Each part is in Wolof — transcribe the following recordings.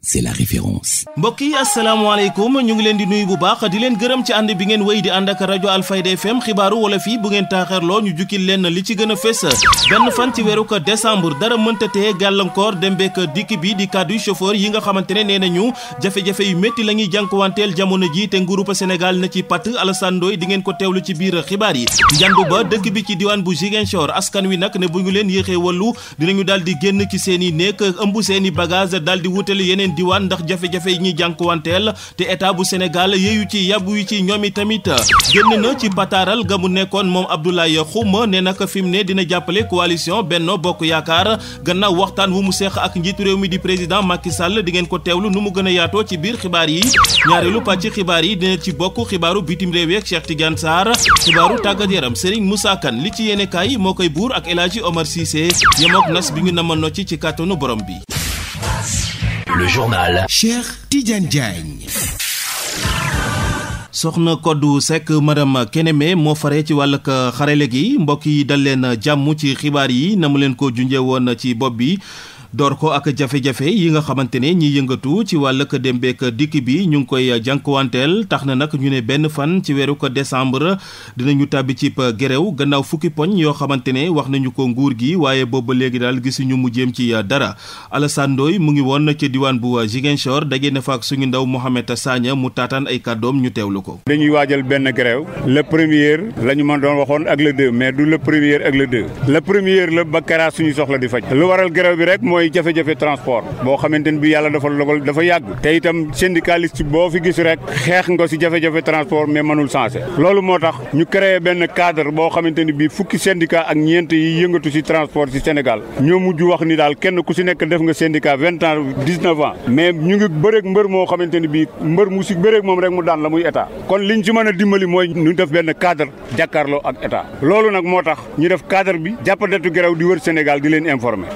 c'est la référence. mbokk yi asalaamaaleykum ñu ngi leen di nuyu bu baax di leen gërëm ci ànd bi ngeen wéy di ànd ak rajo Alfayda FM xibaaru wolof yi bu ngeen taaxeerloo ñu jukkil leen li ci gën a fés. benn fan ci weeru ko décembre dara mënta tee gàllankoor dem beeg dikk bi di kàddu chauffeur yi nga xamante ne nee nañu jafe-jafe yu metti la ñuy jànkuwanteel jamono ji te nguurub Sénégal na ci pàtt Alassane Ndoye di ngeen ko teewlu ci biir xibaar yi. njàndu ba dëkk bi ci diwaan bu Ziguinchor askan wi nag ne bu ñu leen yéexee wallu dinañu daal di génn ci seen i néeg ëmb seen i bagage daal yeneen diwaan ndax jafe-jafe yi jànq jànkuwanteel te état bu Sénégal yeeyu ci yàbb yu ci ñoom i tamit génn na ci pataaral ga mu nekkoon moom Abdoulaye Xuma ne nag fi mu ne dina jàppale coalition Benno Bokk Yaakaar gannaaw waxtaan wu mu seex ak njiitu réew mi di président Macky Sall di ko teewlu nu mu gën a yaatoo ci biir xibaar yi ñaareelu pàcc xibaar yi dina ci bokk xibaaru bitim réew yeeg Cheikh Tidiane Sarr xibaaru tàggat yaram Serigne Moussa Kane li ci yéene kaay moo koy buur ak El Omar Cissé yemook nas bi ñu namoon ci ci kàttanu borom bi Le Cheikh Tidiane Diagne. soxna Koddu Seck madame Keneme moo fare ci wàllug xarale gi mbokk yi dal leen jàmm ci xibaar yi na mu leen ko junjee woon ci bopp bi. door ko ak jafe-jafe yi nga xamante ne ñi yëngatu ci wàll ka dem beek dikk bi ñu ngi koy wanteel tax na nag ñu ne benn fan ci weeru ko décembre ñu tàbbi ci gerew gannaaw fukki poñ yoo xamante ne wax nañu ko nguur gi waaye booba léegi daal gisuñu mu jéem ci dara Alassane Ndoye mu ngi woon ci diwaan bu Ziguinchor dajee na fa ak suñu ndaw Mohamed Sagna mu taataan ay kàddoom ñu teewlu ko dañuy waajal benn gerew le la ñu mën doon waxoon ak le mais du le premier ak le deux le ba kara suñu soxla di faj mooy jafe-jafe transport boo xamante ni bi yàlla dafa logal dafa yàgg te itam syndicaliste boo fi gis rek xeex nga si jafe-jafe transport mais mënul sensé loolu moo tax ñu créé benn cadre boo xamante ni bi fukki syndicat ak ñeent yi yëngatu si transport si Sénégal ñoo mujj wax ni daal kenn ku si nekk def nga syndicat vingt ans dix-neuf ans mais ñu ngi bëreeg mbër moo xamante ni bi mbër mu si bëreeg moom rek mu daan la muy état kon liñ si mën a dimbali mooy ñu def benn cadre jàkkaarloo ak état loolu nag moo tax ñu def cadre bi jàppadetu gerew di wër Sénégal di leen informer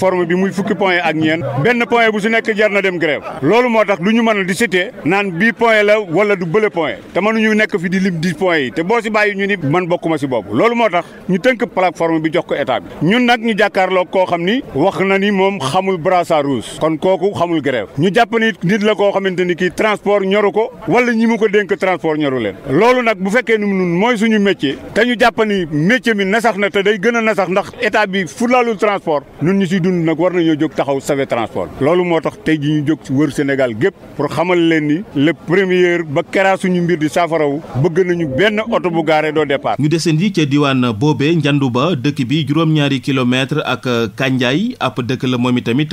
réforme bi muy fukki point ak ñeent benn point bu su nekk jar na dem grève loolu moo tax du ñu mën a di cité naan bii point la wala du bële point te mënuñu nekk fi di lim di point yi te boo si bàyyi ñu ni man bokkuma si boobu loolu moo tax ñu tënk plateforme bi jox ko état bi ñun nag ñu jàkkaarloo koo xam ni wax na ni moom xamul brassard rouge kon kooku xamul grève ñu jàpp ni nit la koo xamante ni kii transport ñoru ko wala ñi mu ko dénk transport ñoru leen loolu nag bu fekkee nun mooy suñu métier te ñu jàpp ni métier mi nasax na te day gën a nasax ndax état bi fulaalul transport ñun dund nag war nañoo jóg taxaw sauver transport loolu moo tax tey ji ñu jóg wër Sénégal gépp pour xamal leen ni le premier ba keraa suñu mbir di saafarawu bëgg nañu benn oto bu gaaree doo départ. ñu desandi ca diwaan boobee ba dëkk bi juróom-ñaari kilomètre ak Kanjaay ab dëkk la moom itamit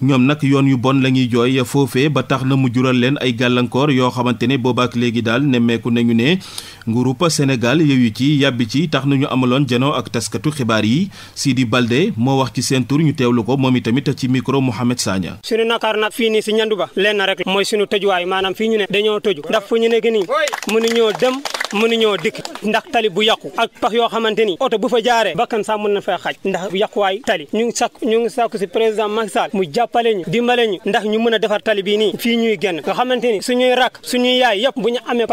ñoom nag yoon yu bon la ñuy jooy foofee ba tax na mu jural leen ay gàllankoor yoo xamante ne boobaak léegi daal nemmeeku nañu ne nguurub Sénégal yeewu ci yàbbi ci tax nañu amaloon janoo ak taskatu xibaar yi Sidi Balde moo wax ci seen tur ñu teewlu ko moom itamit ci micro Mohamed Sagna. suñu nakaar nag fii nii si ñandu ba lenn rek mooy suñu tëjuwaay maanaam fii ñu ne dañoo tëju ndax fu ñu nekk nii mënuñoo dem mënuñoo dikk ndax tali bu yàqu ak pax yoo xamante ni oto bu fa jaaree bakkan sax mën na fay xaj ndax yàquwaay tali ñu ngi sàkk ñu ngi sàkk si président Macky Sall mu jàppale ñu dimbale ñu ndax ñu mën a defar tali bii nii fii ñuy génn nga xamante ni suñuy rakk suñuy yaay yëpp bu amee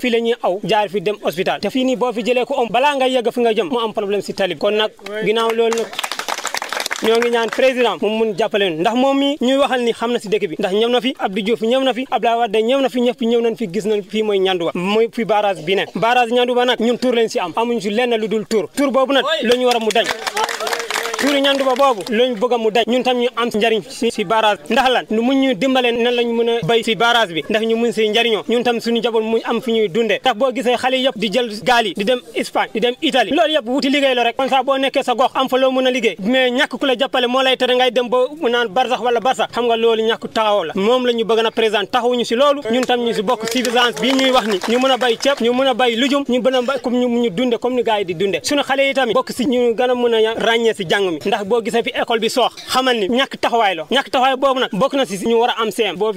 fii la ñuy jaar fi dem hôpital te fii nii boo fi jëlee ko om balaa nga yegg fi nga jëm mu am problème si tali kon nag ginnaaw loolu nag ñoo ngi ñaan président moom mun jàppale ndax moom mi ñuy waxal ni xam na si dëkk bi ndax ñëw na fi Abdou Diouf ñëw na fi Abdoulaye Wade ñëw na fi ñëpp ñëw nañ fi gis nañ fii mooy ñanduba mooy fi barrage bi ne barrage ñanduba nag ñun tur lañ si am amuñ si lenn lu dul tur tur boobu nag la ñu war a mu dañ suuru ñanduba boobu lañu bëgg mu daj ñun tam ñu am si si barrage ndax lan nu mun ñu dimbale nan lañ mën a béy si barrage bi ndax ñu mun si njariñoo ñun tam a liggéey si loolu bi ñuy ñu mën a béy ñu dunde comme ni gars di dunde suñu xale yi bokk si ñu gën a a ràññee si jàng mi ndax boo gisee fi école bi soox xamal ni taxawaay la ñàkk taxawaay boobu nag bokk na si ñu war a am CM boo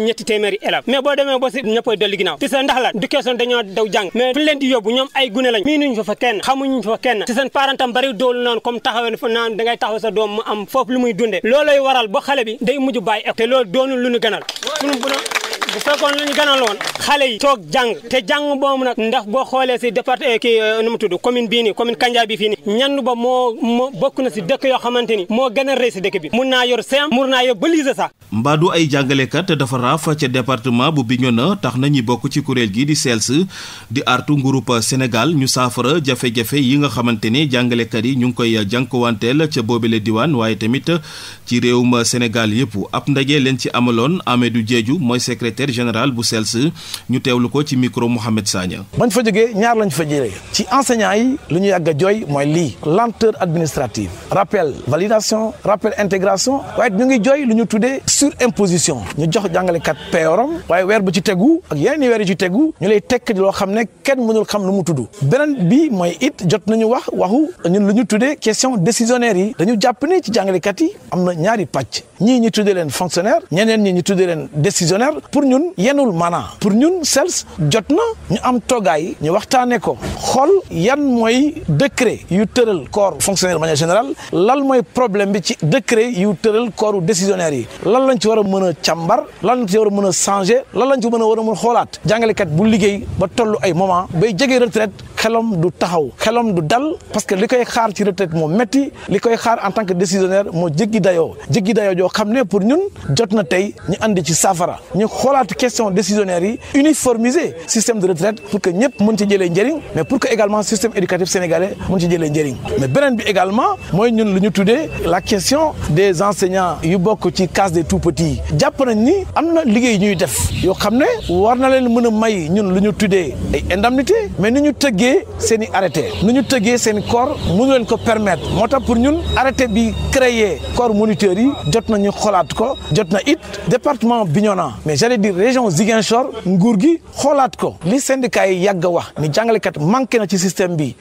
ñetti téeméeri élèves mais boo demee ba si ñëppay dolli ginnaaw seen ndax la du question dañoo daw jàng mais fi leen di yóbbu ñoom ay gune lañ miinuñ fa kenn xamuñ fa kenn ci seen parentam bari doolu noonu comme taxawee fa naan da ngay sa doom am foofu lu muy dundee looloy waral ba xale bi day mujj bàyyi école te loolu doonul lu ñu bi fii nii ñandu ba moo moo bokk na si dëkk yoo xamante ni moo gën a rëy si dëkk bi mun naa yor sem mun naa yor ba liise sax mbaadu ay jàngalekat dafa raaf ca département bu Bignona tax na ñi bokk ci kuréel gi di CELS di artu nguurub Sénégal ñu saafara jafe-jafe yi nga xamante ni jàngalekat yi ñu ngi koy jànkuwanteel ca boobile diwaan waaye tamit ci réew réewum Sénégal yëpp ab ndaje leen ci amaloon amee du Diédhiou mooy secrétaire général bu CELS ñu teewlu ko ci micro Mouhamed Sagna bañ yooyu mooy lii lenteur administrative rappel validation rappel intégration waaye ñu ngi jooy lu ñu tuddee imposition ñu jox jàngalekat payoram waaye weer bu ci tegu ak yeneen i weer yu ci tegu ñu lay tekk loo xam ne kenn mënul xam lu mu tudd beneen bi mooy it jot nañu wax waxu ñun lu ñu tuddee question décisionnaire yi dañu jàpp ne ci jàngalekat yi am na ñaari pàcc ñii ñu tuddee leen fonctionnaire ñeneen ñi ñu tuddee leen décisionnaire pour ñun yenul maanaa pour ñun sels jot na ñu am toogaay ñu waxtaanee ko xool yan mooy dëkk décret yu tëral corps fonctionnaire de manière générale lan mooy problème bi ci décret yu tëral corps décisionnaire yi lan lañ ci war a mën a càmbar lan lañ ci war a mën a changer lan lañ ci mën a war a mën xoolaat jàngalekat bu liggéey ba toll ay moment bay jege retraite xelam du taxaw xelam du dal parce que li koy xaar ci retraite moo métti li koy xaar en tant que décisionnaire moo jéggi dayoo jéggi dayoo joo xam ne pour ñun jot na tey ñu andi ci saafara ñu xoolaat question décisionnaire yi uniformiser système de jëlee njëriñ mais pour que également mu ci jëlee njëriñ mais beneen bi également mooy ñun lu ñu tuddee la question des enseignants yu bokk ci case des tout petits jàpp nañ ni am na liggéey ñuy def yoo xam ne war na leen mën a may ñun lu ñu tuddee ay indemnité mais nu ñu tëggee seeni i arrêté ni ñu tëggee seen i corps mënu leen ko permettre moo tax pour ñun arrêté bi créé corps moniteur yi jot nañu xoolaat ko jot na it département Bignona mais j'allais dire région Ziguinchor nguur gi xoolaat ko li syndicat yi yàgg a wax ni jàngalekat manqué na ci système bi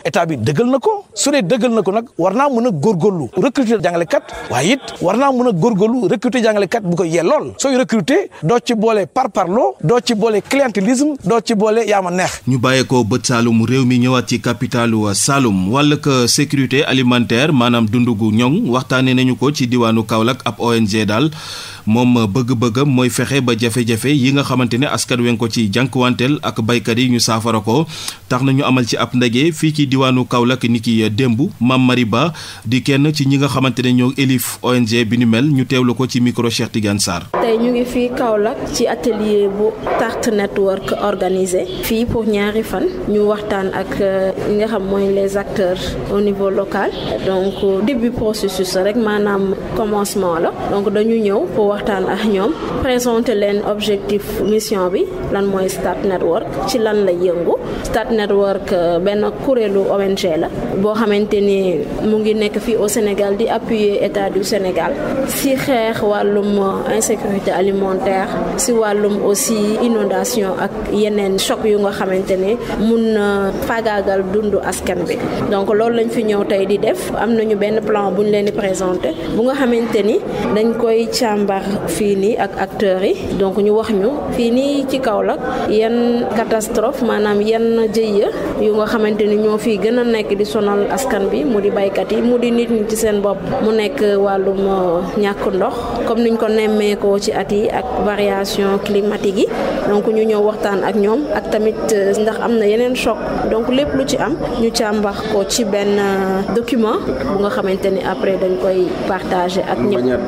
ko su dee dëggal na ko nag war naa mën a góorlu recruter jàngalekat waaye it war naa mën a góorgóorlu recruter jàngalekat bu ko yellool sooy recruter doo ci boole par parloo doo ci boole clientélisme doo ci boole yaa ma neex. ñu bàyyeekoo bët Saalum réew mi ñëwaat ci capitalu Saalum wàllug sécurité alimentaire maanaam dundu gu ñoŋ waxtaanee nañu ko ci diwaanu Kaolack ab ONG daal. moom bëgg-bëggam mooy fexe ba jafe-jafe yi nga xamante ne askan wen ko ci wanteel ak baykat yi ñu saafara ko tax na ñu amal ci ab ndaje fii ci diwaanu Kaolack ni ki démb Mame Ba di kenn ci ñi nga xamante ne ñoo élif ONG bi nu mel ñu teewlu ko ci micro Cheikh Tidiane Sarr. tey ñu ngi fii Kaolack ci atelier bu Tart Network organisé fii pour ñaari fan ñu waxtaan ak euh, ñi nga xam mooy les acteurs au niveau locale donc euh, début processus rek maanaam commencement la waxtaan ak ñoom présenté leen objectif mission bi lan mooy Start Network ci lan la yëngu Start Network euh, benn kuréelu ONG la boo xamante ni mu ngi nekk fii au Sénégal di appuyer état du Sénégal si xeex wàllum insécurité alimentaire si wàllum aussi inondation ak yeneen chock yu nga xamante ni mun na faagaagal dundu askan bi donc loolu lañ fi ñëw tey di def am nañu benn plan bu leen présenté bu nga xamante ni dañ koy càmbar fii nii ak acteurs yi donc ñu wax ñu fii nii ci Kaolack yan catastrophe maanaam yan jéya yu nga xamante ni ñoo fii gën a nekk di sonal askan bi mu di baykat yi mu di nit ñi ci seen bopp mu nekk wàllu wàllum euh, ñàkk ndox comme niñ ko nemmeekoo ci at yi ak variation climatique yi donc ñu ñëw waxtaan ak ñoom ak tamit euh, ndax am na yeneen choc donc lépp lu ci am ñu càmbax ko ci benn euh, document bu nga xamante ni après dañ koy partager ak ñëpp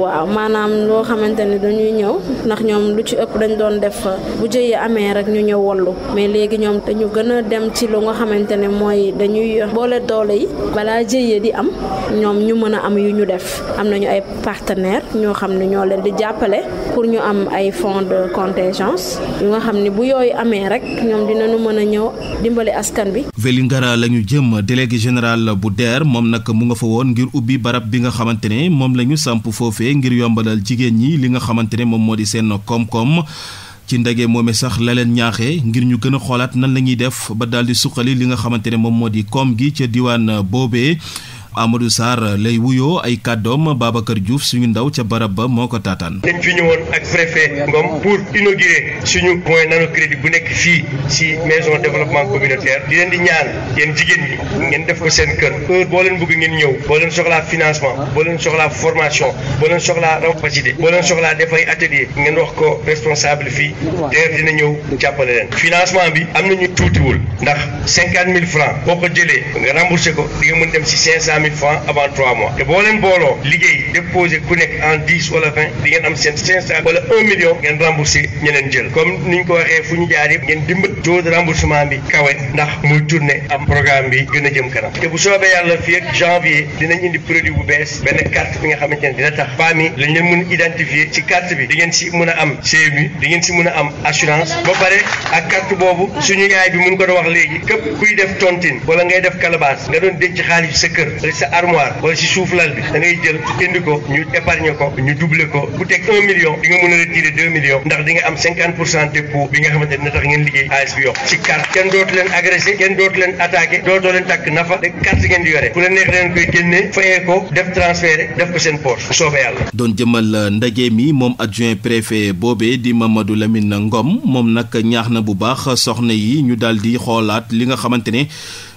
waaw maanaam loo xamante ne dañuy ñëw ndax ñoom lu ci ëpp dañu doon def euh, bu jëyee amee rek ñu ñëw wallu mais léegi ñoom dañu gën a dem ci lu nga xamante ne mooy dañuy boole doole yi balaa jëyee di am ñoom ñu mën a am yu ñu def am nañu ay partenaires ñoo xam ne ñoo leen di jàppale pour ñu am ay fonds de contingence yu nga xam ne bu yooyu amee rek ñoom dinañu mën a ñëw dimbali askan bi. Vélingara la ñu jëm délégué général bu DER moom nag mu nga fa woon ngir ubbi barab bi nga xamante ne moom la ñu samp foofee ngir yombalal jigéen ñi li nga xamante ne moom moo di seen koom-koom. ci ndege moome sax la leen ñaaxee ngir ñu gën a xoolaat nan la ñuy def ba daal di suqali li nga xamante ne moom moo di koom gi ca diwaan boobee Amadou Sarr lay wuyoo ay kàddoom Babacar Diouf suñu ndaw ca barab ba moo ko taataan. dañ fi ñëwoon ak préfet Ngom pour inaugurer suñu point nano crédit bu nekk fii si maison développement communautaire di leen di ñaan yéen jigéen ñi ngeen def ko seen kër heure boo leen bëgg ngeen ñëw boo leen soxlaa financement boo leen soxlaa formation boo leen soxlaa rapacité boo leen soxlaa def ay atelier ngeen wax ko responsable fii DER dina ñëw jàppale leen financement bi am nañu tuutiwul ndax cinquante mille francs boo ko jëlee nga remboursé ko di nga mille francs avant trois te boo leen booloo liggéey déposé ku nekk en dix wala vingt di ngeen am seen cinq cent wala un million ngeen remboursé ñeneen jël comme ni ñu ko waxee fu ñu jaar yëpp ngeen dimbal taux de bi kawe ndax muy tourné am programme bi gën a jëm kanam te bu soobee yàlla fii ak janvier dinañ indi produit bu bees benn carte bi nga xamante ne dina tax femmes yi lañ mën identifier ci carte bi di ngeen si mën a am CMU di ngeen si mën a am assurance wala sa armoire wala si suuf lal bi da ngay jël indi ko ñu épargner ko ñu doubler ko ku teg un million di mën a retirer deux millions ndax di am cinquante pour cent dépôt bi nga xamante ne tax ngeen liggéey AS bi yokku si carte kenn dootu leen agressé kenn dootu leen attaqué dootoo leen takk nafa de carte ngeen di yore ku leen neex leen koy génnee fayee ko def transféré def ko seen poche bu soobee yàlla. doon jëmal euh, ndaje mi moom adjoint préfet boobee di Mamadou Lamine Ngom moom nag ñaax na bu baax soxna yi ñu daal di xoolaat li nga xamante ne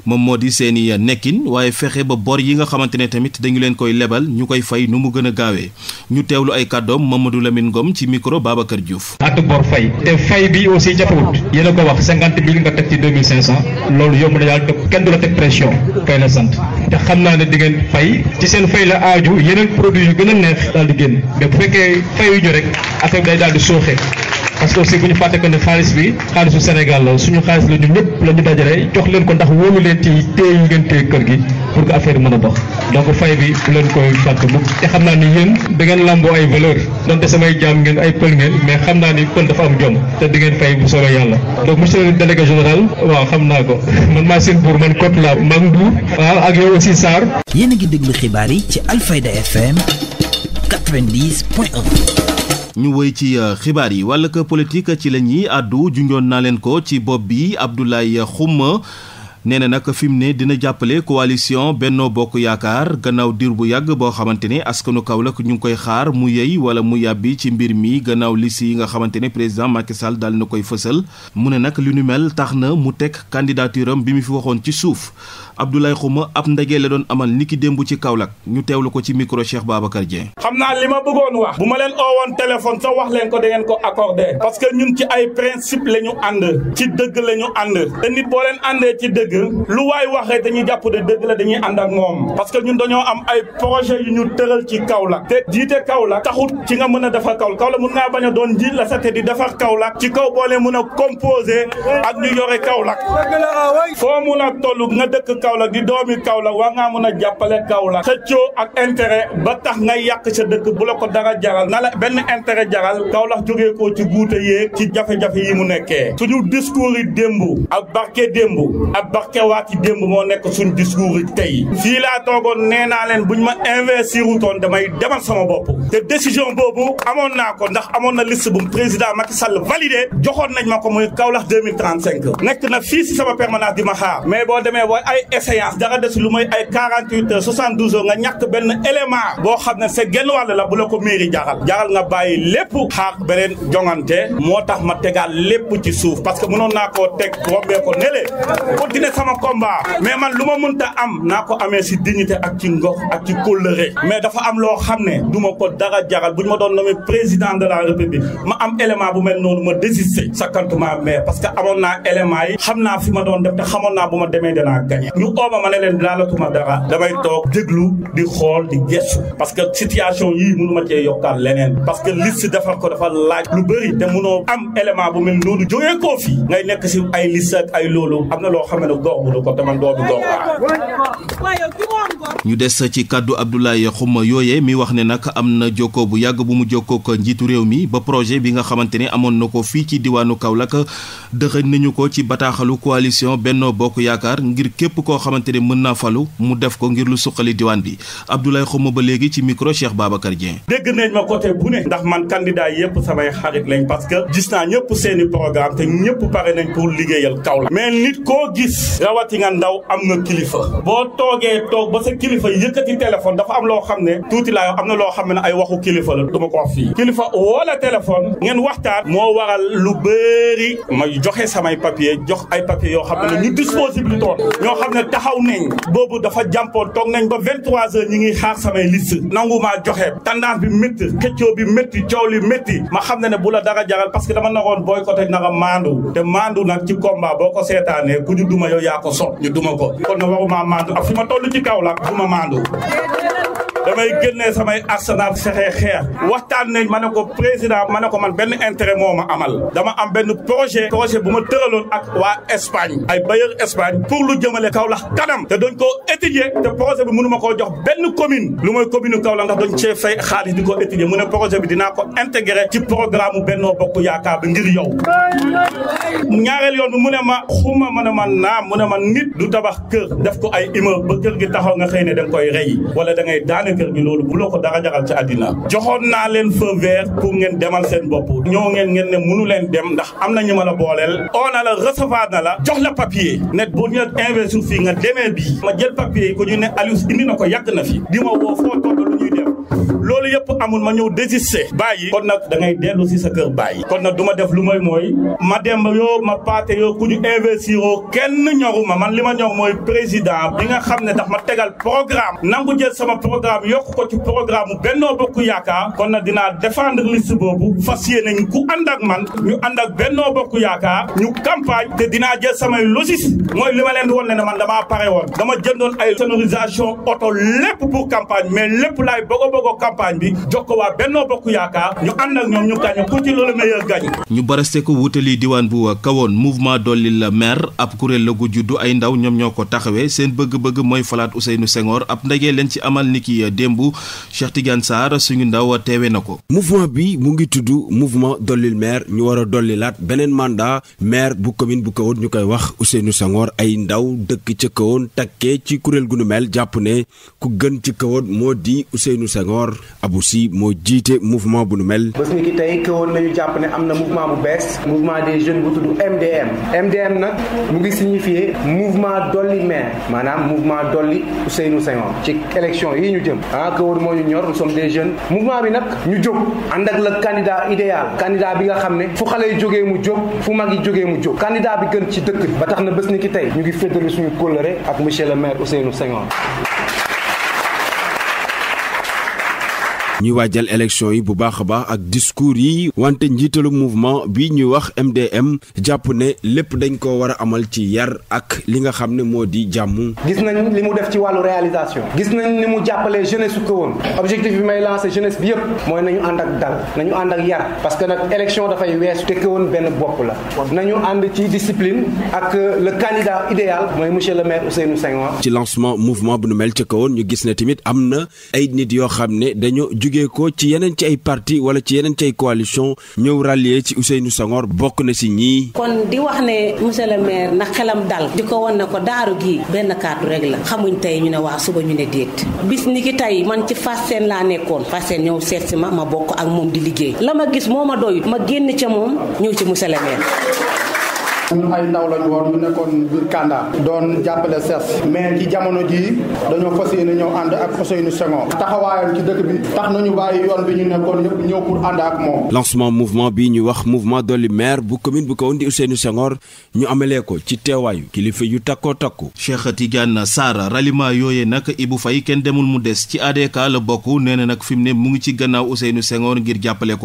moom moo di seen i nekkin waaye fexe ba bor yi nga xamante ne tamit dañu leen koy lebal ñu koy fay nu mu gën a gaawee ñu teewlu ay kàddoom Mamadou Lamine Ngom ci micro Babacar Diouf. ak bor fay te fay bi aussi jafewut yéen ko wax cinquante mille nga teg ci deux mille cinq cent loolu yomb na yàlla te kenn du la teg pression kay la sant te xam naa ne di ngeen fay ci seen fay la aaju yeneen produit yu gën a neex daal génn mais bu fekkee fayuñu rek affaire bi day daal di sooxe. parce que aussi bu ñu fàtte que ne xaalis bi xaalisu Sénégal la suñu xaalis la ñun ñëpp la jox leen ko ndax wóolu leen ci téye yu ngeen kër gi pour que affaire mën a dox donc fay bi bu leen koy fàtte bu te xam naa ni yéen da làmboo ay valeur donte samay jaam ngeen ay pël ngeen mais xam naa ni pël dafa am jom te di ngeen fay bu soobee yàlla donc monsieur le délégué général waaw xam naa ko man maa seen buur man kot la maa ngi waaw ak yow aussi Sarr. yéen a yi ci Alfayda FM 90 point ñu woy ci euh, xibaar yi wàll ko politique ci la ñuy àddu junjoon naa leen ko ci bopp bi Abdoulaye Xuma nee na nag fi mu ne dina jàppale coalition Benno Bokk Yaakaar gannaaw diir bu yàgg boo xamante ne askanu Kaolack ñu ngi koy xaar mu yey wala mu yàbbi ci mbir mi gannaaw li yi nga xamante ne président Macky Sall daal na koy fësal mu ne nag li nu mel tax na mu teg candidature am bi mu fi waxoon ci suuf Abdoulaye Xuma ab ndaje la doon amal niki démb ci Kaolack ñu lu ko ci micro Cheikh Babacar Dieng. xam naa li ma bëggoon wax. bu ma leen oowoon téléphone sa wax leen ko da ngeen ko accordé. parce que ñun ci ay principe la ñu ànd. ci dëgg la ñu ànd. te nit boo leen àndee ci dëgg. lu waay waxee dañuy jàpp de dëgg la dañuy ànd ak moom. parce que ñun dañoo am ay projet yu ñu tëral ci kaw Kaolack. te jiite la taxut ci nga mën a defar kaw Kaolack mun ngaa bañ a doon njiit la sa te di defar Kaolack. ci kaw boo leen mun a composé ak ñu yore Kaolack. foo mun a Kaolack di doomi Kaolack war ngaa mën a jàppale Kaolack xëccoo ak intérêt ba tax nga yàq sa dëkk bu la ko dara jaral na la benn intérêt jaral Kaolack jógee koo ci guute yéeg ci jafe-jafe yi mu nekkee suñu discours yi démb ak barke démb ak barke waati démb moo nekk suñu discours yi tey fii laa toogoon nee naa leen buñ ma investir wutoon damay demal sama bopp te décision boobu amoon naa ko ndax amoon na liste bu président Macky Sall validé joxoon nañ ma ko muy Kaolack 2035 nekk na fii si sama permanence ma échéance dara des lu may ay 48 heures 72 heures nga ñàkk benn élément boo xam ne sa genn wàll la bu la ko mairie jaxal jaxal nga bàyyi lépp xaar beneen jongante moo tax ma tegaat lépp ci suuf parce que mu mënoon naa koo teg rombee ko nelee continuer sama combat mais man lu ma mënta am naa ko amee si dignité ak ci ngox ak ci kóllëre mais dafa am loo xam ne du ma ko dara jaral bu ñu ma doon nommé la ma am élément bu mel noonu ma désister sakkantuma maire parce que amoon naa élément yi xam naa fi ma doon def xamoon naa bu ma demee ñu ooma ma ne leen laalatuma dara damay toog déglu di xool di gestu parce que situation yii mënu ma leneen parce que liste defar ko dafa laaj lu bëri te mënoo am élément bu mel noonu jógee koo fii ngay nekk si ay liste ak ay loolu am na loo xam ne gox bu du ko taman doobu gox ñu des ci kàddu Abdoulaye Xuma yooyee wax ne nag am na jokkoo bu yàgg bu mu jokkoo ak njiitu réew mi ba projet bi nga xamante ni amoon na ko fii ci diwaanu Kaolack dëxëñ nañu ko ci bataaxalu coalition Benno Bokk Yaakaar ngir képp ko koo xamante ne mën naa falu mu def ko ngir lu suqali diwaan bi Abdoulaye Xuma ba léegi ci micro Cheikh Babacar Dieng. dégg nañ ma côté bu ne. ndax man candidat yëpp samay xarit lañ parce que gis naa ñëpp seen programme te ñëpp pare nañ pour liggéeyal Kaolack. mais nit koo gis. rawati nga ndaw am na kilifa. boo toogee toog ba sa kilifa yëkkati téléphone dafa am loo xam ne tuuti laa am na loo xam ne ay waxu kilifa la du ma ko wax fii. kilifa woo la téléphone ngeen waxtaan. moo waral lu bëri ma joxe samay papier jox ay papier yoo xam ne ñu disponible toon ñoo xam ne ne taxaw nañ boobu dafa jàmpoon toog nañ ba 23 heures ñi ngi xaar samay liste nangu maa joxe tendance bi métti xëccoo bi métti coow li métti ma xam ne ne bu la dara jaral parce que dama naroon boycotté naka maandu te maandu nag ci combat boo ko seetaanee ku ñu duma yow yaa ko sot ñu duma ko kon na waruma maandu ak fu ma toll ci kaw la du ma maandu damay génnee samay arsenal fexee xeex waxtaan nañ ma ne ko président ma ne ko man benn intérêt moo ma amal dama am benn projet projet bu ma tëraloon ak waa Espagne ay bailleur Espagne pour lu jëmale Kaolack kanam te doñ ko étudier te projet bi mënu ma koo jox benn commune lu mooy commune Kaolack ndax doñ cee fay xaalis di ko étudier mu ne bi dinaa ko intégré ci programme Benno Bokk Yaakaar bi ngir yow ñaareel yoon bi mu ma xuma ma ne ma naam mu ne ma nit du tabax kër def ko ay immeuble ba kër taxaw nga xëy da nga kër gi loolu bu la ko dara jaral ci àddina joxoon naa leen feu vert pour ngeen demal seen bopp ñoo ngeen ngeen ne mënu leen dem ndax am na ñu ma la booleel oo na la recevoir na la jox la papier net bu ñu investir fii nga demee bii ma jël papier yi ko ñu ne Aliou indi na ko yàgg na fi di ma woo foo loolu yëpp amul ma ñëw désister bàyyi kon nag da ngay dellu si sa kër bàyyi kon nag duma def lu may mooy ma dem yoo ma paate yoo ku ñu investir oo kenn ñoruma man li ma ñor mooy président bi nga xam ne dafa ma tegal programme nangu jël sama programme yokk ko ci programme mu Benno Bokk Yaakaar kon nag dinaa défendre liste boobu fas yéene ku ànd man ñu ànd ak Benno Bokk Yaakaar ñu campagne te dinaa jël samay losis mooy li ma leen di woon ne man damaa pare woon dama jëndoon ay sonorisation oto lépp pour lépp laay campagne bi jox ko waa Benno Bokk Yaakaar ñu ànd ak ñoom ñu gàñe ku ci loolu meilleur ñu baraste ko wutali diwaan bu kawoon mouvement dolli la maire ab kuréel la gu juddu ay ndaw ñoom ñoo ko taxawee seen bëgg-bëgg mooy falaat Ousseynou sengoor ab ndaje leen ci amal ni ki démb Cheikh Tidiane Sarr suñu ndaw teewe na ko mouvement bi mu ngi tudd mouvement dolli maire ñu war a dollilaat beneen mandat maire bu commune bu kawoon ñu koy wax Ousseynou Senghor ay ndaw dëkk ca kawoon takkee ci kuréel gu nu jàpp ne ku gën ci kawoon moo di Ousseynou Senghor Abou Sy moo jiite mouvement bu nu mel. bés ni ki tey këwoon nañu jàpp ne am na mouvement bu bees. mouvement des jeunes bu tudd MDM. MDM nag mu ngi signifié mouvement dolli maire maanaam mouvement dolli Ousseynou Senghor ci élection yi ñu jëm. ah këwoon moo ñu ñor nous sommes des jeunes. mouvement bi nag ñu jóg ànd ak le candidat idéal. candidat bi nga xam ne fu xale yi jógee mu jóg fu mag yi jógee mu jóg. candidat bi gën ci dëkk ba tax na bés ni ki tey ñu ngi fédéré suñu kóllëre ak monsieur le maire Ousseynou Senghor. ñuy waajal élection yi bu baax baax ak discours yi wante njiitalu mouvement bi ñuy wax MDM jàpp ne lépp dañ ko war a amal ci yar ak li nga xam ne moo di jàmm. gis nañ li mu def ci wàllu réalisation. gis nañ ni mu jàppalee jeunesse su ko woon objectif bi may lancer jeunesse bi yëpp mooy nañu ànd ak dal nañu ànd ak yar parce que nag élection dafay weesu te woon benn bopp la nañu ànd ci discipline ak euh, le candidat idéal mooy monsieur le maire Ousseynou Senghor. ci lancement jugee ko ci yeneen ci ay parti wala ci yeneen ci ay coalition ñëw rallier ci Ousseynou Senghor bokk na si ñii. kon di wax ne monsieur le maire na xelam dal di ko won ne ko daaru gi benn kàddu rek la xamuñ tey ñu ne waa suba ñu ne déet bis ni ki tey man ci fas laa nekkoon fas seen ñëw seet si ma ma bokk ak moom di liggéey la ma gis moo ma doyut ma génn ca moom ñëw ci monsieur le maire ñun ay ndaw lañ woon ñu nekkoon biir Kanda doon jàppale CESE mais ci jamono ji dañoo fas yéene ñëw ànd ak Ousseynou Senghor taxawaayam ci dëkk bi tax nañu bàyyi yoon bi ñu nekkoon ñëpp ñëw pour ànd ak moom lancement mouvement bi ñu wax mouvement dolli maire bu commune bu Kaoundi Ousseynou Senghor ñu amalee ko ci teewaayu kilifa yu takkoo takku Cheikh Tidiane Sarr ralliement yooyee nag bu Faye kenn demul mu des ci ADK la bokk nee na nag fi mu ne mu ngi ci gannaaw Ousseynou Senghor ngir jàppale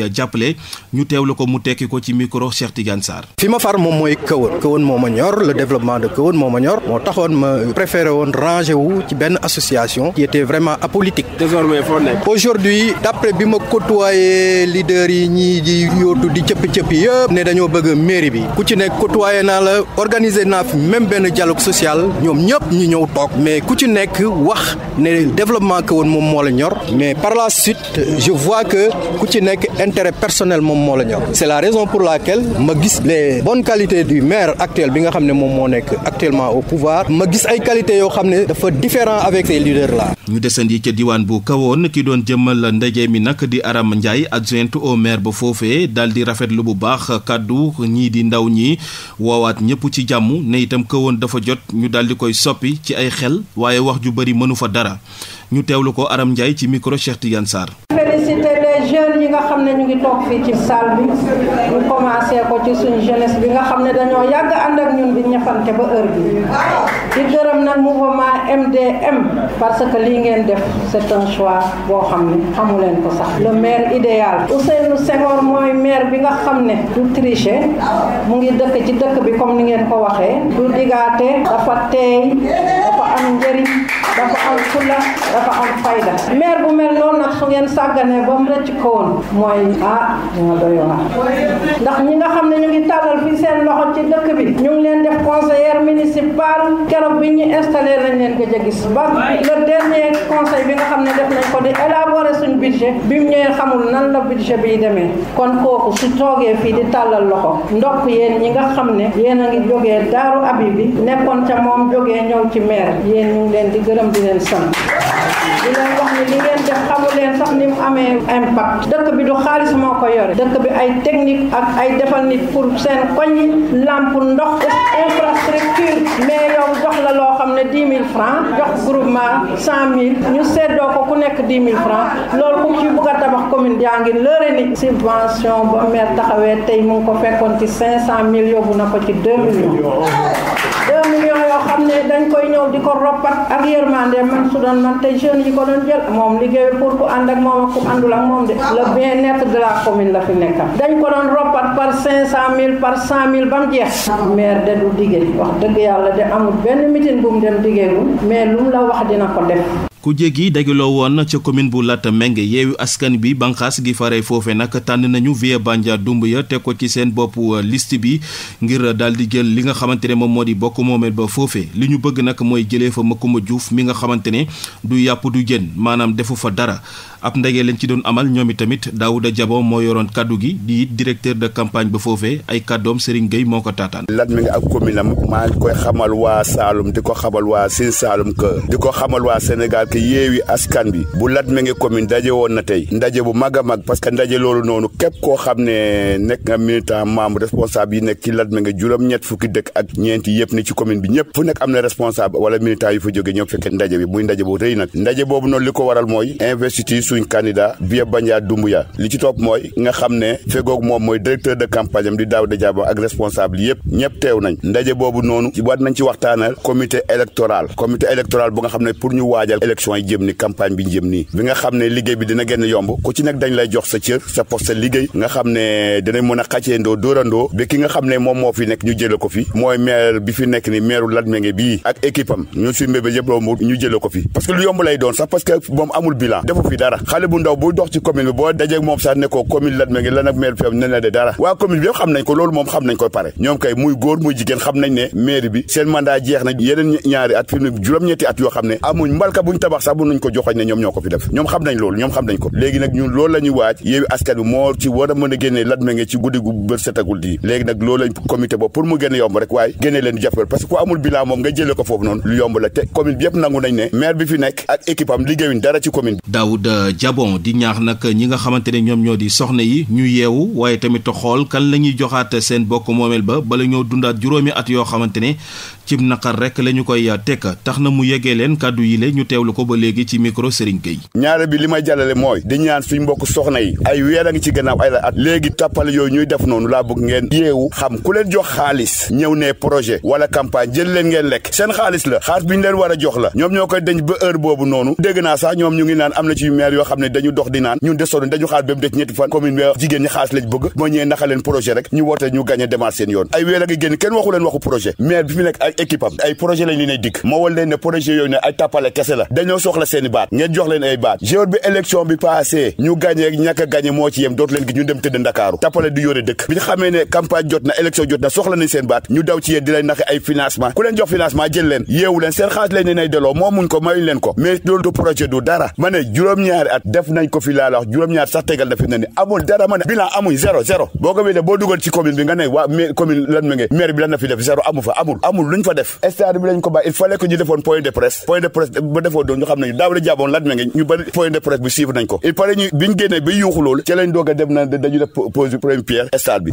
koy uh, jàppale ñu teewlu ko mu tekki ko ci micro Cheikh Tidiane Sarr. fi ma far moom mooy Kahone Kahone moo ma ñor le développement de Kahone moo ma ñor moo taxoon ma préféré woon rangé wu ci benn association qui était vraiment apolitique. désormais foo nekk. aujourd'hui d'après bi ma côtoyé leader yi ñii di yóotu di cëpp cëpp yëpp ne dañoo bëgg mairie bi ku ci nekk côtoyé naa la organiser naa fi même benn dialogue social ñoom ñëpp ñu ñëw toog mais ku ci nekk wax ne développement Kahone moom moo la ñor mais par la suite je vois que ku ci nekk intérêt personnel moom moo la ñor c'est la raison pour laquelle ma gis les bonnes qualités du maire actuelle bi nga xam ne moom moo nekk actuellement au pouvoir ma gis ay qualités yoo xam ne dafa différent avec ces leaders là. ñu desandi ca diwaan bu kawoon ki doon jëmmal ndaje mi nag di Arame Ndiaye adjointe au maire ba foofee daal di rafetlu bu baax kàddu ñii di ndaw ñi woowaat ñëpp ci jàmm ne itam kawoon dafa jot ñu daal di koy soppi ci ay xel waaye wax ju bëri mënu fa dara ñu teewlu ko Arame Ndiaye ci micro Cheikh jigéen yi nga xam ne ñu ngi toog fii ci salle bi ñu commencé ko ci suñu jeunesse bi nga xam ne dañoo yàgg ànd ak ñun di ñëfante ba heure bi di gërëm nag mouvement MDM parce que lii ngeen def c'est un boo xam ne xamu leen ko sax le maire idéal Ousseynou Senghor mooy maire bi nga xam ne du tricher mu ngi dëkk ci dëkk bi comme ni ngeen ko waxee du digaate dafa teey dafa am njëriñ dafa am fulla dafa am fayda maire bu mel noonu nag su ngeen sàgganee ba mu rëcc ko woon mooy ah dina ndax ñi nga xam ne ñu ngi tàllal fii seen loxo ci dëkk bi ñu ngi leen def conseillère municipal keroog bi ñu installé nañ leen ko jëgis ba le dernier conseil bi nga ne def nañ ko di élaborer suñ budget bi mu ñëwee xamul nan la budget biy demee kon kooku su toogee fii di tàllal loxo ndokk yéen ñi nga xam ne yéen a ngi jógee daaru abi bi nekkoon ca moom jógee ñëw ci maire yéen ñu leen di gërëm di leen sant di leen wax ni li ngeen def xamu sax ni mu amee impact dëkk bi du xaalis moo ko yore dëkk bi ay technique ak ay defal nit pour seen koñ lamp ndox infrastructure mais yow jox la loo xam ne di mille francs jox groupement cent ñu seddoo ko ku nekk dix mille francs loolu ku ci bugg a tabax commune yaa ngi lëre ni subvention ba maire taxawee tey mu ngi ko fekkoon ci cinq cent mille yóbbu na ko ci deux millions deux xam ne dañ koy ñëw di ko roppat ak yërmande jeunes yi ko doon jël moom liggéeyul pour ku ànd ak moom ak ku àndul ak moom de le bien-être de la commune la fi nekkal dañ ko doon roppat par cinq cent mille par cent mille ba jeex maire de du diggee wax dëgg yàlla de amul benn mitin bu mu dem diggeegul mais lu mu la wax dina ko def ku jéggi dagiloo woon ca commune bu Latmingué yeewu askan bi banqaas gi fare foofe nag tànn nañu Vieux Bandia ya te ko ci seen bopp uh, list bi ngir daal di jël li nga xamante ne moom moo di bokk moomeel ba foofe li ñu bëgg nag mooy jëlee fa Macoumba Diouf mi nga xamante ne du yàpp du jën maanaam defu fa dara ab ndaje lañ ci doon amal ñoom i tamit Daouda Diabo moo yoroon kaddu gi di it de campagne ba foofee ay kaddoom Serigne Gueye moo ko taataan lan mi nga ak commune am maa ngi koy xamal waa Saloum di ko xamal waa Sine Saloum que di ko xamal waa Sénégal que yeewi askan bi bu lat mi ngi commune ndaje woon na tey ndaje bu mag a mag parce que ndaje loolu noonu képp koo xam ne nekk nga militant membre responsable yi nekk ci lat mi nga juróom-ñett fukki dëkk ak ñeenti yëpp ni ci commune bi ñëpp fu nekk am na responsable wala militant yu fa jóge bi muy ndaje bu rëy nag boobu noonu li ko waral mooy suñ candidat Bandia Doumbouya li ci topp mooy nga xam ne fegoog moom mooy directeur de campagne am di Daouda Diabo ak responsable yëpp ñëpp teew nañ ndaje boobu noonu ci waat nañ ci waxtaanal comité électoral comité électoral bu nga xam ne pour ñu waajal élection yi jëm ni campagne bi jëm nii bi nga xam ne liggéey bi dina gën yomb ku ci nekk dañ lay jox sa cër sa poste sa liggéey nga xam ne dinañ mën a xàcceendoo dóorandoo ba ki nga xam ne moom moo fi nekk ñu jële ko fi mooy maire bi fi nekk ni maire Latmingué bii ak équipe am ñun fi xale bu ndaw bu dox ci commune bi boo dajeeg moom sax ne ko commune Latmingué ngi lan ak maire bi ne la de dara waa commune bi yëpp at fi mu at yoo xam ne amuñ mbalka buñ tabax sax bu nuñ ko ko fi def ñoom xam nañ loolu ñoom xam nañ ko léegi nag ñun loolu la ñuy waaj Yewwi Askan Wi moo ci war a loolu lañ comité boobu waaye génne leen jafewal parce que ku amul bilan moom nga jëlee ko foofu noonu lu yomb la te commune bi nangu nañ ne maire bi fi nekk ak équipe am liggéeyuñ dara ci commune bi jabon di ñaax nag ñi nga xamante ne ñoom ñoo di soxna yi ñu yeewu waaye tamit xool kan la ñuy joxaat seen bokk moomeel ba bala ñoo dundaat juróomi at yoo xamante ne cib naqar rek la ñu koy tekk tax na mu yegee leen kàddu yi le ñu teewlu ko ba léegi ci micro Serigne Gueye ñaare bi li may jàllale mooy di ñaan suñ mbokk soxna yi ay weer a ngi ci gannaaw ay la at léegi tàppale yooyu ñuy def noonu laa bëgg ngeen yeewu xam ku leen jox xaalis ñëw ne projet wala campagne jël leen ngeen lekk seen xaalis la xaalis bi leen war a jox la yoo xam ne dañu dox di naan ñun dañu xaar ba mu ñetti fan commune bi jigéen ñi xaalis lañ bëgg moo ñëwee naxa projet rek ñu woote ñu gàñ a seen yoon ay weer a kenn waxu waxu projet maire bi fi nekk ay équipe ay projet lañ leen ay dikk moo leen ne projet yooyu ay tàppale kese la dañoo soxla seen baat ñu daw ci yéen di leen ay financement ku leen jox financement jël leen yeewu leen seen xaalis lañ leen ay deloo moo muñ ko at def nañ ko fi laa la juróom-ñaar sax tegal na fi amul dara ma ne bilan amuñ zéro zéro boo ko wélee boo dugal ci commune bi nga ne waa commune lan mu def zéro amu fa amul amul luñ fa def stade bi lañ ko bàyyi il fallait que ñu defoon point de presse point de presse ba defoo doon ñu xam nañu daaw la jàppoon lan mu ngi ñu bëri point de presse bi suivre nañ ko il paraît ñu biñ génnee bi yuuxu loolu ci lañ doog a dem na def pose première pierre stade bi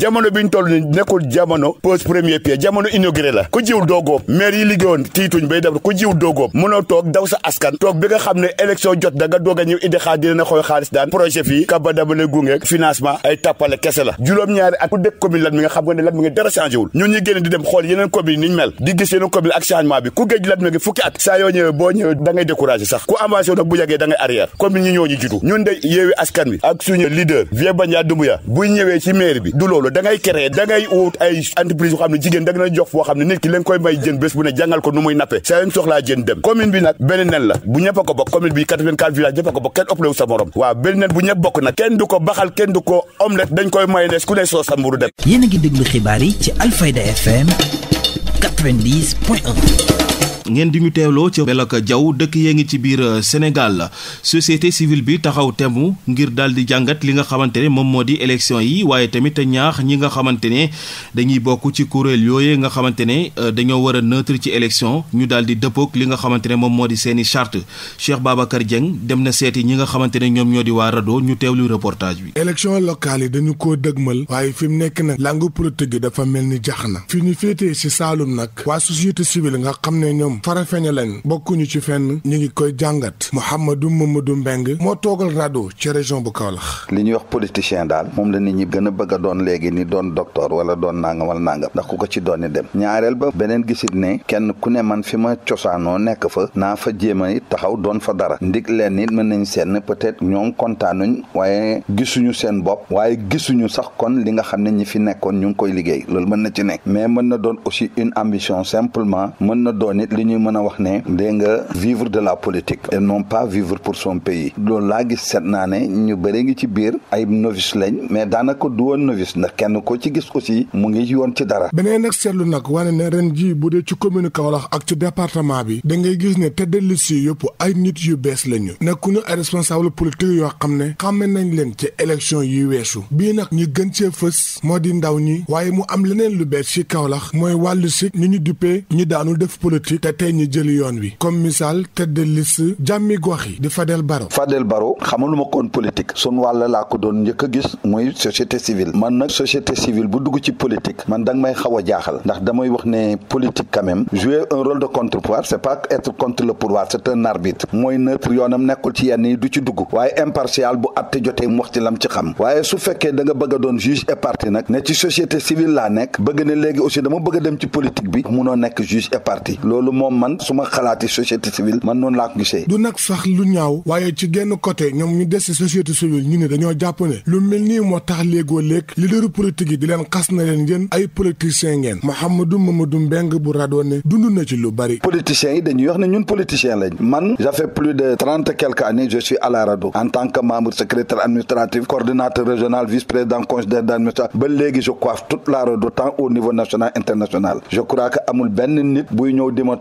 xaaj dina na xooy xaalis daan sax ku avancé bu yàggee da arrière commune ñi ñoo ñu ñun de yeewi askan wi ak suñu leader Vieux Bandia Doumbouya bu ñëwee ci maire bi du loolu da ngay créer da ay entreprise yoo xam ne jigéen da jox foo xam ne nit ki leen koy may jën bés bu ne jàngal ko nu muy nappe saa yoon soxlaa jën dem commune bi nag beneen nen la bu ñëpp ko bokk commune bi 84 village ñëpp ko bokk ëppalewu sa morom waaw benn bu ñëpp bokk na kenn du ko baxal kenn du ko omelette dañ koy mayonnaise ku ne soo sa mburu dem yéen a ngi déglu xibaar yi ci Alfayda FM 90 point 1 ngeen di ñu teewloo ci Mbellacke Diaw dëkk yee ngi ci biir euh, Sénégal société civile bi taxaw temb ngir daal di jàngat li nga xamante ne moom moo di élection yi waaye tamit ñaax ñi nga xamante ne dañuy bokk ci kuréel yooyu nga xamante ne euh, dañoo war a neutre ci élection ñu daal di dëppoog li nga xamante ne moom moo di seeni chart Cheikh Babacar Dieng dem na seeti ñi nga xamante ne ñoom ñoo di waa RADDHO ñu teewlu reportage bi. élection locale yi dañu ko dëgmal waaye fi mu nekk nag langue politique gi dafa mel ni jax na ñoom farafeñe leen bokkuñu ci fenn ñu ngi koy jàngat xam ma du Mouhamadou du Mbeng moo toogal rajo ci région bu Kaolack li ñuy wax politicien daal moom la nit ñi gën a bëgg a doon léegi ni doon docteur wala doon nangam wala nangam ndax ko ko ci doon dem ñaareel ba beneen gisit ne kenn ku ne man fi ma cosaanoo nekk fa naa fa jéem a taxaw doon fa dara ndig leen nit mën nañ seen peut-être ñoom kontaanuñ waaye gisuñu seen bopp waaye gisuñu sax kon li nga xam ne ñi fi nekkoon ñu ngi koy liggéey loolu mën na ci nekk mais mën na doon aussi une ambition simplement mën na doon ñuy mën a wax ne dégg nga vivre de la politique et non pas vivre pour son pays loolu laa gis seet naa ne ñu bëri ngi ci biir ay novice lañ mais daanaka du woon novice ndax kenn ko ci gis aussi mu ngi yoon ci dara beneen nag seetlu nag wane ne ren jii bu dee ci commune Kaolack ak ci département bi da ngay gis ne tête de liste yëpp ay nit yu bees la ñu nekkuñu ay responsable politique yoo xam ne xàmme nañ leen ci élection yi weesu bii nag ñi gën cee fës moo di ndaw ñi waaye mu am leneen lu bees si ñu ñu te tey jëli yoon wi comme misaal tête de jàmmi gox yi di Fadel Baro Fadel Baro xamaluma ma woon politique sun wàll laa ko doon njëkk a gis mooy société civile man nag société civile bu dugg ci politique man danga may xaw a jaaxal ndax damay wax ne politique quand même jouer un rôle de contre-pouvoir c'est pas être contre le pouvoir c'est un arbitre mooy neutre yoonam nekkul ci yenn yi du ci dugg waaye impartial bu atte jotee mu wax ci lam ci xam waaye su fekkee da bëgg doon juge et parti nag ne ci société civile laa nekk bëgg ne léegi aussi dama bëgg dem ci politique bi munoo nekk juge et parti moom man su ma xalaati société civile man noonu laa ko gisee du nag sax lu ñaaw waaye ci genn côté ñoom ñu des ci société civile ñu ne dañoo jàpp ne lu mel nii moo tax léegoo léeg leaderu politique yi di leen xas na leen yéen ay politiciens ngeen Mouhamadou Mamadou Mbeng bu ne dund na ci lu bari politiciens yi dañuy wax ne ñun politiciens lañ man ça fait plus de trente quelques années je suis à la RADDHO en tant que membre secrétaire administratif coordinateur régional vice-président conseiller d'administration ba léegi je coiffe toute la RADDHO tant au niveau national international je crois que amul benn nit buy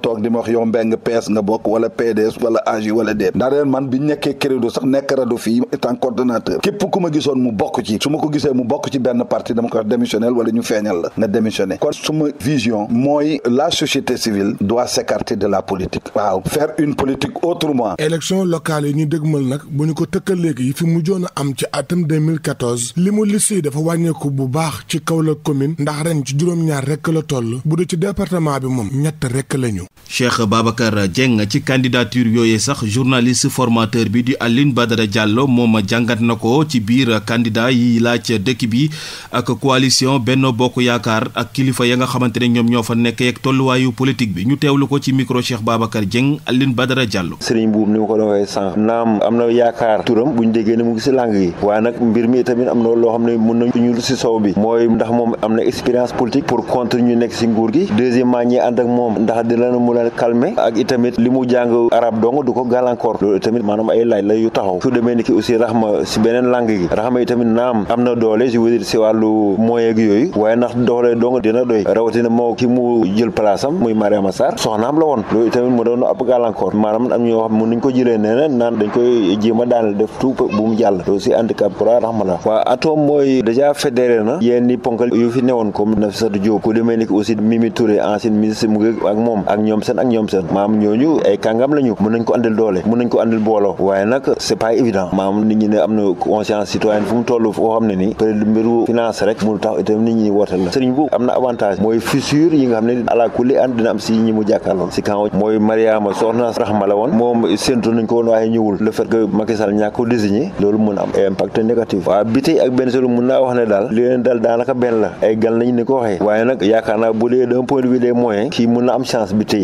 toog di ma wax yow mbeng pees nga bokk wala PDS wala AJ wala déet ndaa deen man bi nekkee crédo sax nekk rado fii étant coordonnateur képp ku ma gisoon mu bokk ci su ma ko gisee mu bokk ci benn parti dama ko wax wala ñu feeñal la nga démissionné kon suma vision mooy la société civile doit s'écarter de la politique waaw faire une politique autrement élection locale yi ñu dëgmal nag bu ñu ko tëkka léegi yi fi mujjoon a am ci atum 2014 li mu liste dafa wàññeeku bu baax ci Kaolack commune ndax ren ci juróom-ñaar rekk la toll bu dee ci département bi moom ñett rekk lañu Cheikh Babacar Dieng ci candidature yooyu sax journaliste formateur bi di Aline Badara Diallo moom jàngat na ko ci biir candidat yi laaj dëkk bi ak coalition benn Bokk Yaakaar ak kilifa ya nga xamante ne ñoom ñoo fa nekkee ak tolluwaayu politique bi ñu teewlu ko ci micro Cheikh Babacar Dieng Aline Badara Diallo. Serigne Boum ni ma ko doon waxee sànq naam am na yaakaar turam bu ñu déggee ne mu ngi si lang yi waaye nag mbir mi tamit am na loo xam ne mun nañu ñu si sow bi mooy ndax moom am na expérience politique pour contre ñu nekk si nguur gi mu leen calmer ak itamit li mu jàng arab dong du ko gàllankoor loolu ay la yu taxaw su demee ni ki aussi raxma si beneen langue gi raxma itamit naam am na doole je veux dire si wàllu moyen gi yooyu waaye ndax doole dong dina doy rawatina moo ki mu jël place am muy Mariama Sarr soxnaam la woon loolu itamit mu doon ab gàllankoor maanaam am ko jëlee neneen naan dañ koy jéem a daanal def tout bu mu jàll loolu si handicap pour raxma la waa atom mooy déjà fédéré na yenn ponkal yu fi newoon comme Nafissatou Diop ku demee ki aussi Mimi Touré ancien ministre mu ngi ak moom ak ñoom ñoom seen ak ñoom seen maam ñooñu ay kàngam la ñu nañ ko andil doole mën nañ ko andil mbooloo waaye nag c'est pas évident maam nit ñi ne am na conscience citoyenne fu mu toll foo xam ne nii peut mbiru finance rek mënu tax itam nit ñi woote la sëriñ bu am na avantage la woon moom séntu nañ ko woon waaye ñëwul le fait que Macky ko désigné loolu mën am impact négatif waaw bi ak benn solo mën naa wax ne daal li leen dal daanaka benn la ay gan lañ ni ko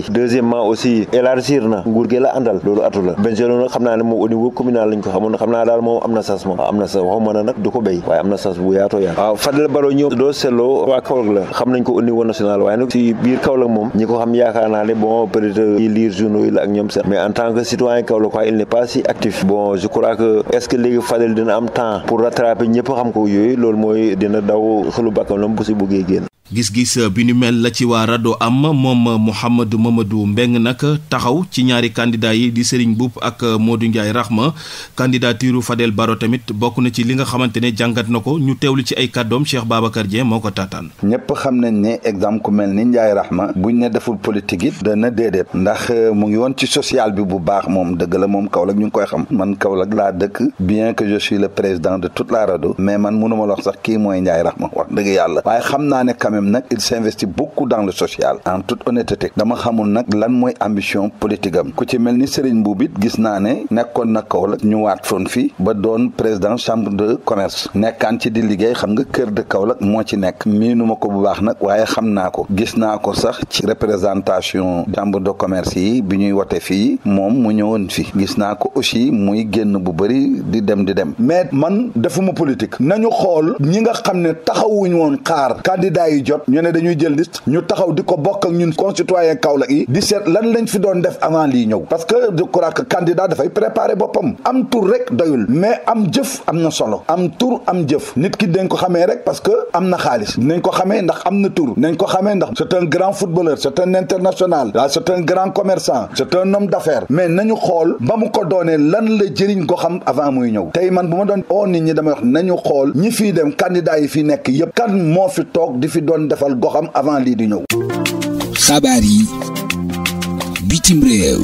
yi deuxièmement aussi élargir na nguur gi la àndal loolu atu la Bengello nag xam naa ne moom au niveau communal lañ ko xamoon xam naa daal moom am na sas moom am na sas waxuma na nag du ko béy waaye am na sas bu yaatoo yaat waaw Fadel Barro ñëw doo seetloo waa Kaolack la xam nañ ko au niveau national waaye nag si biir Kaolack moom ñi ko xam yaakaar naa ne bon peut être yi yi la ak ñoom sax mais en tant que citoyen Kaolack waaye il n'est pas si actif bon je crois que est ce que léegi Fadel dina am temps ko yooyu loolu dina daw xelu bàkkam lam bu si buggee gis-gis bi nu mel la ci waa rado am moom Mouhamadou Mamadou Mbeng nag taxaw ci ñaari candidat yi di Serigne Mboup ak Modou Ndiaye Rahma candidature Fadel baro tamit bokk na ci li nga xamante ne jàngat na ko ñu teewlu ci ay kàddoom Cheikh Babacar Dieng moo ko taataan ñëpp xam nañ ne exemple ku mel ni Ndiaye Rahma buñ ne deful politique it dana déedéet ndax mu ngi woon ci social bi bu baax moom dëgg la moom Kaolack ñu ngi koy xam man Kaolack laa dëkk bien que le président de la rado mais man mënuma la wax kii mooy Ndiaye Rahma yàlla même nag il s'investit beaucoup dans le social en toute honnêteté dama xamul nag lan mooy ambition politique am ku ci mel ni Serigne Mbuub it gis naa ne nekkoon na Kaolack ñu waat foon fii ba doon président chambre de commerce nekkaan ci di liggéey xam nga kër de Kaolack moo ci nekk miinu ko bu baax nag waaye xam naa ko gis naa ko sax ci représentation chambre de commerce yi bi ñuy wote fii moom mu ñëwoon fi gis naa ko aussi muy génn bu bëri di dem di dem mais man defuma politique nañu xool ñi nga di jot ñu ne dañuy jël liste ñu taxaw di ko bokk ak ñun concitoyen Kaolack yi di seet lan lañ fi doon def avant lii ñëw parce que je crois dafay préparer boppam am tur rek doyul mais am jëf am na solo am tur am jëf nit ki dañ ko xamee rek parce que am na xaalis nañ ko xamee ndax am na tur nañ ko xamee ndax c'est grand footballeur c'est un international waaw grand commerçant c'est un homme mais nañu xool ba mu ko doonee lan la jëriñ ko doon defal goxam avant lii di ñëw. xabaar yi bitim réew.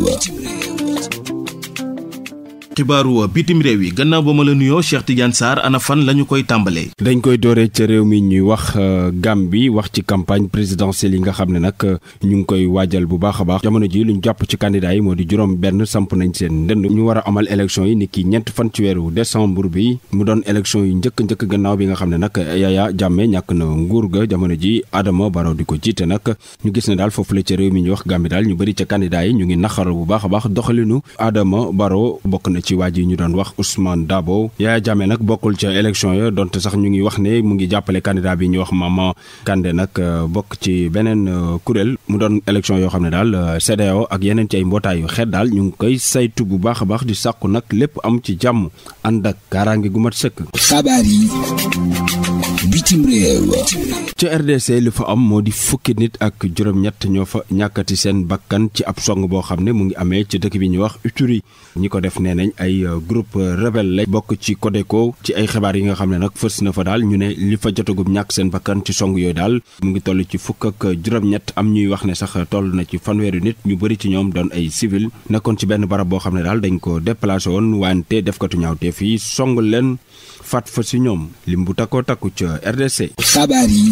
xibaaru bitim réew yi gannaaw ba ma la nuyoo Cheikh Tidiane Sarr ana fan la ñu koy tàmbalee. dañ koy dooree ca réew mi ñuy wax euh, Gambie wax ci campagne présidentielle yi nga xam ne nag euh, ñu ngi koy waajal bu baax a baax jamono ji lu ñu jàpp ci candidat yi moo di juróom benn samp nañ seen ndënd ñu war a amal élection yi ni ki ñett fan ci weeru décembre bi mu doon élection yi njëkk njëkk gannaaw bi nga xam ne nag Yaya Jammeh ñàkk na nguur ga jamono ji aadama Barrow di ko jiite nag ñu gis ne daal foofu la ca réew mi ñuy wax Gambie daal ñu bëri ca candidat ñu ngi naxaral bu baax a baax doxalinu Adama Barrow bokk ci waa yi ñu doon wax Ousmane Dabo Yaya Jammeh nag bokkul ca élection ya donte sax ñu ngi wax ne mu ngi jàppale candidat bi ñu wax Maman Kandé nag euh, bokk ci beneen euh, kuréel mu doon élection yoo xam ne daal euh, CEDEAO ak yeneen ci ay mbootaayu xeet daal ñu ngi koy saytu bu baax a baax di sàkku nag lépp am ci jàmm ànd ak kaaraange gu mat sëkk. xabaar yi bitim réew. ca RDC li fa am moo di fukki nit ak juróom-ñett ñoo fa ñàkkati seen bakkan ci ab song boo xam ne mu ngi amee ci dëkk bi ñu wax Uturi ñi ko def nee nañ ay euh, groupe euh, rebelle lay bokk ci Codeco ci ay xabaar yi nga xam ne nag fës na fa daal ñu ne li fa jotagum ñàkk seen bakkan ci song yooyu daal mu ngi tollu ci fukk ak euh, juróom-ñett am ñuy wax ne sax toll na ci fanweeri nit ñu bëri ci ñoom doon ay civil nekkoon ci benn barab boo xam ne daal dañ ko déplacé woon wante def katu ñaawteef yi song leen faat fa si ñoom lim bu takkoo takku ca RDC. xabaar yi.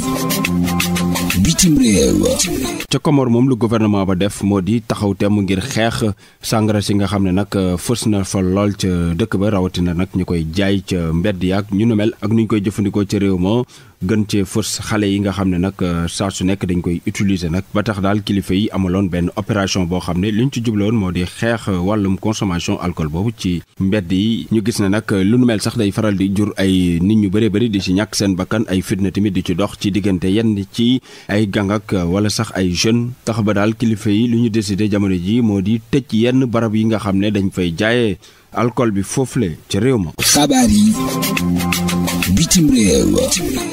bitim réew ca Comore moom lu gouvernement ba def moo di taxaw temm ngir xeex sàngara si nga xam ne nag euh, fës na fa lool ca dëkk ba rawatina nag ñu koy jaay ca mbedd yaak ñu nu mel ak nu ñu koy jëfandikoo ca réew ma gën cee fës xale yi nga xam ne nag euh, saa su nekk dañ koy utiliser nag ba tax daal kilifa yi amaloon benn opération boo xam ne liñ ci jubloon moo di xeex euh, wàllum consommation alcool boobu ci mbedd yi ñu gis ne nag lu nu mel sax day faral di jur ay nit ñu bëree bëri di ci ñàkk seen bakkan ay fitna tamit di ci dox ci diggante yenn ci ay gàngak euh, wala sax ay jeunes tax ba daal kilifa yi lu ñu décidé jamono ji moo di tëj yenn barab yi nga xam ne dañ fay jaayee alcool bi foofule ci réew ma. bitim réew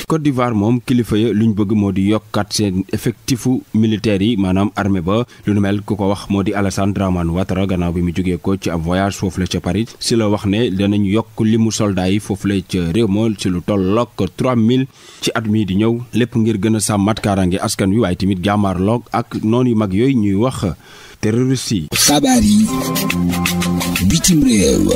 Côte d'Ivoire moom kilifa ya lu ñu bëgg moo di yokkaat seen effectifu militaire yi maanaam armée ba lu nu mel ku ko wax moo di Alassane Dramane Ouattara gannaaw bi mu jógee ko ci ab voyage foofu la ca Paris si la wax ne danañ yokk limu soldat yi foofu la ca réew ma si lu tolloog 3000 ci at mii di ñëw lépp ngir gën a sàmmat kaaraange askan wi waaye tamit jàmmaarloog ak noonu yu mag yooyu ñuy wax terroriste yi. xabaar yi bitim réew.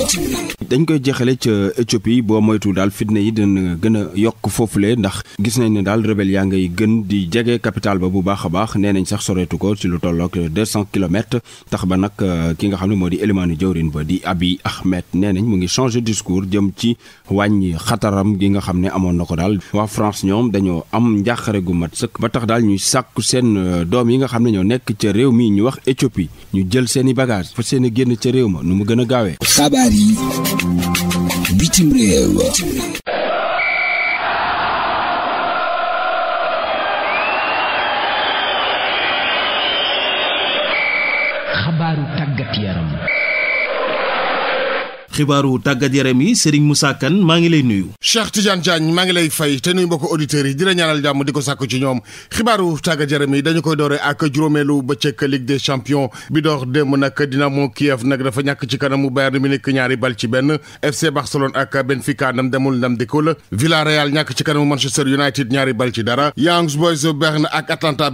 dañ koy jeexale ca Éthiopie boo moytu daal fitna yi dina gën a yokk foofule ndax gis nañ ne daal rebelle yaa ngay gën di jege capital ba bu baax a baax nee nañ sax soreetu ko ci lu tollook deux cent kilomètres tax ba nag euh, ki nga xam ne moo di élimaanu jawrin ba di Abiy Ahmed nee nañ mu ngi changé discours jëm ci wàññi xataram gi nga xam ne amoon na ko daal waa France ñoom dañoo am njàqare gu mat sëkk ba tax daal ñuy sàkku seen euh, doom yi nga xam ne ñoo nekk ca réew mi ñu wax noppi ñu jël seen i bagage fa seen i génn ca réew ma nu mu gën a gaawee. xabaar yi bitim réew. xibaaru tàggat yaram yi Serigne Moussa Kane maa ngi lay nuyu. Cheikh Tidiane Diagne maa ngi lay fay te nuyu mbokku auditeurs yi di la ñaanal di ko sàkku ci ñoom xibaaru tàggat yaram dañu koy doore ak juróomeelu bëccëg Ligue des champions bi dox démb nag Dinamo Kiev nag dafa ñàkk ci kanamu Bayern Munich ñaari bal ci benn FC Barcelone ak Benfica ndam demul ndam dikkul Villarreal ñàkk ci kanamu Manchester United ñaari bal ci dara Young Boys Bern ak Atlanta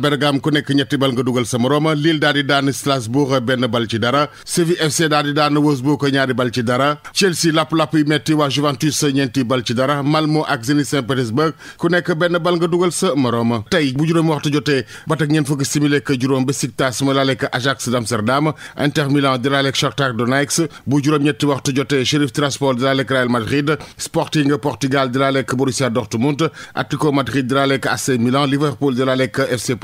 sa morom Lille daal di daan Strasbourg benn bal ci dara Séville FC daal dara dara Chelsea lapp-lapp yu metti waa Juventus ñeenti bal ci dara Malmo ak Zenit Saint-Pétersbourg ku nekk benn bal nga dugal sa morooma tey bu juróomi waxtu jotee ba ñeent fukki simili ak juróom Besiktas ma laaleek Ajax d'Amsterdam Inter Milan di laaleek Shakhtar Donetsk bu juróom-ñetti waxtu jotee Sheriff Tiraspol di laaleek Real Madrid Sporting Portugal di laaleek Borussia Dortmund Atlético Madrid di laaleek AC Milan Liverpool di laaleek FC